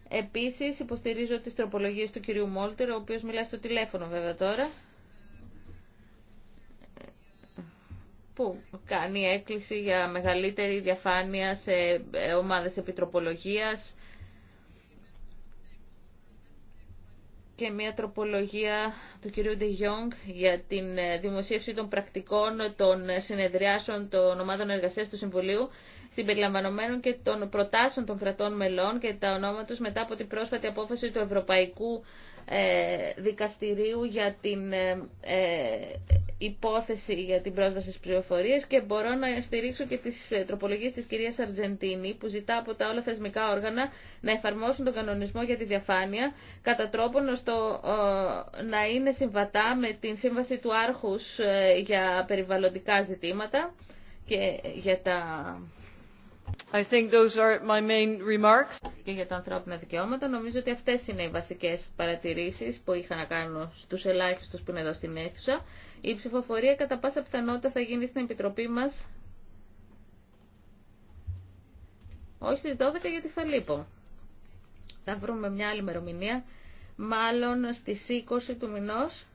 Επίσης υποστηρίζω τι τροπολογίε του κυρίου Μόλτερ, ο οποίος μιλάει στο τηλέφωνο βέβαια τώρα. που κάνει έκκληση για μεγαλύτερη διαφάνεια σε ομάδες επιτροπολογίας και μια τροπολογία του κυρίου De Jong για την ε, δημοσίευση των πρακτικών των συνεδριάσεων των ομάδων Εργασία του Συμβουλίου συμπεριλαμβανομένων και των προτάσεων των κρατών μελών και τα ονόματα του μετά από την πρόσφατη απόφαση του Ευρωπαϊκού ε, δικαστηρίου για την ε, ε, υπόθεση για την πρόσβαση στις πληροφορίες και μπορώ να στηρίξω και τις τροπολογίες της κυρίας Αργεντίνη που ζητά από τα όλα θεσμικά όργανα να εφαρμόσουν τον κανονισμό για τη διαφάνεια κατά τρόπον ώστε να είναι συμβατά με την σύμβαση του Άρχους για περιβαλλοντικά ζητήματα και για τα I think those are my main remarks. Και για τα ανθρώπινα δικαιώματα νομίζω ότι αυτές είναι οι βασικές παρατηρήσεις που είχα να κάνω στους ελάχιστους που είναι εδώ στην αίθουσα. Η ψηφοφορία κατά πάσα πιθανότητα θα γίνει στην Επιτροπή μας όχι στις 12 γιατί θα λείπω. Θα βρούμε μια άλλη μερομηνία, μάλλον στις 20 του μηνός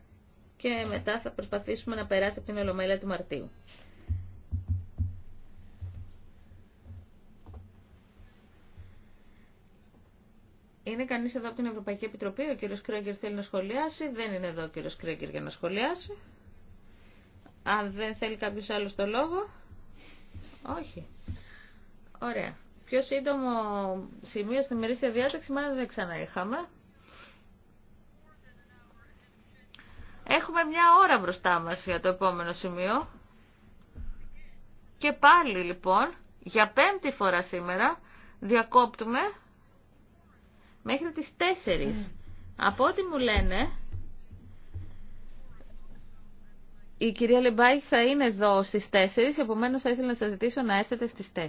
και μετά θα προσπαθήσουμε να περάσει από την Ολομέλεια του Μαρτίου. Είναι κανείς εδώ από την Ευρωπαϊκή Επιτροπή, ο κύριο Κρέγκερ θέλει να σχολιάσει, δεν είναι εδώ ο κύριο Κρέγκερ για να σχολιάσει. Αν δεν θέλει κάποιο άλλο το λόγο, όχι. Ωραία. Πιο σύντομο σημείο στην μερίσια διάταξη, μάλλον δεν ξαναείχαμε. Έχουμε μια ώρα μπροστά μας για το επόμενο σημείο. Και πάλι λοιπόν, για πέμπτη φορά σήμερα, διακόπτουμε μέχρι τις 4. Mm. Από ό,τι μου λένε, η κυρία Λεμπάη θα είναι εδώ στις 4, επομένως θα ήθελα να σας ζητήσω να έρθετε στις 4.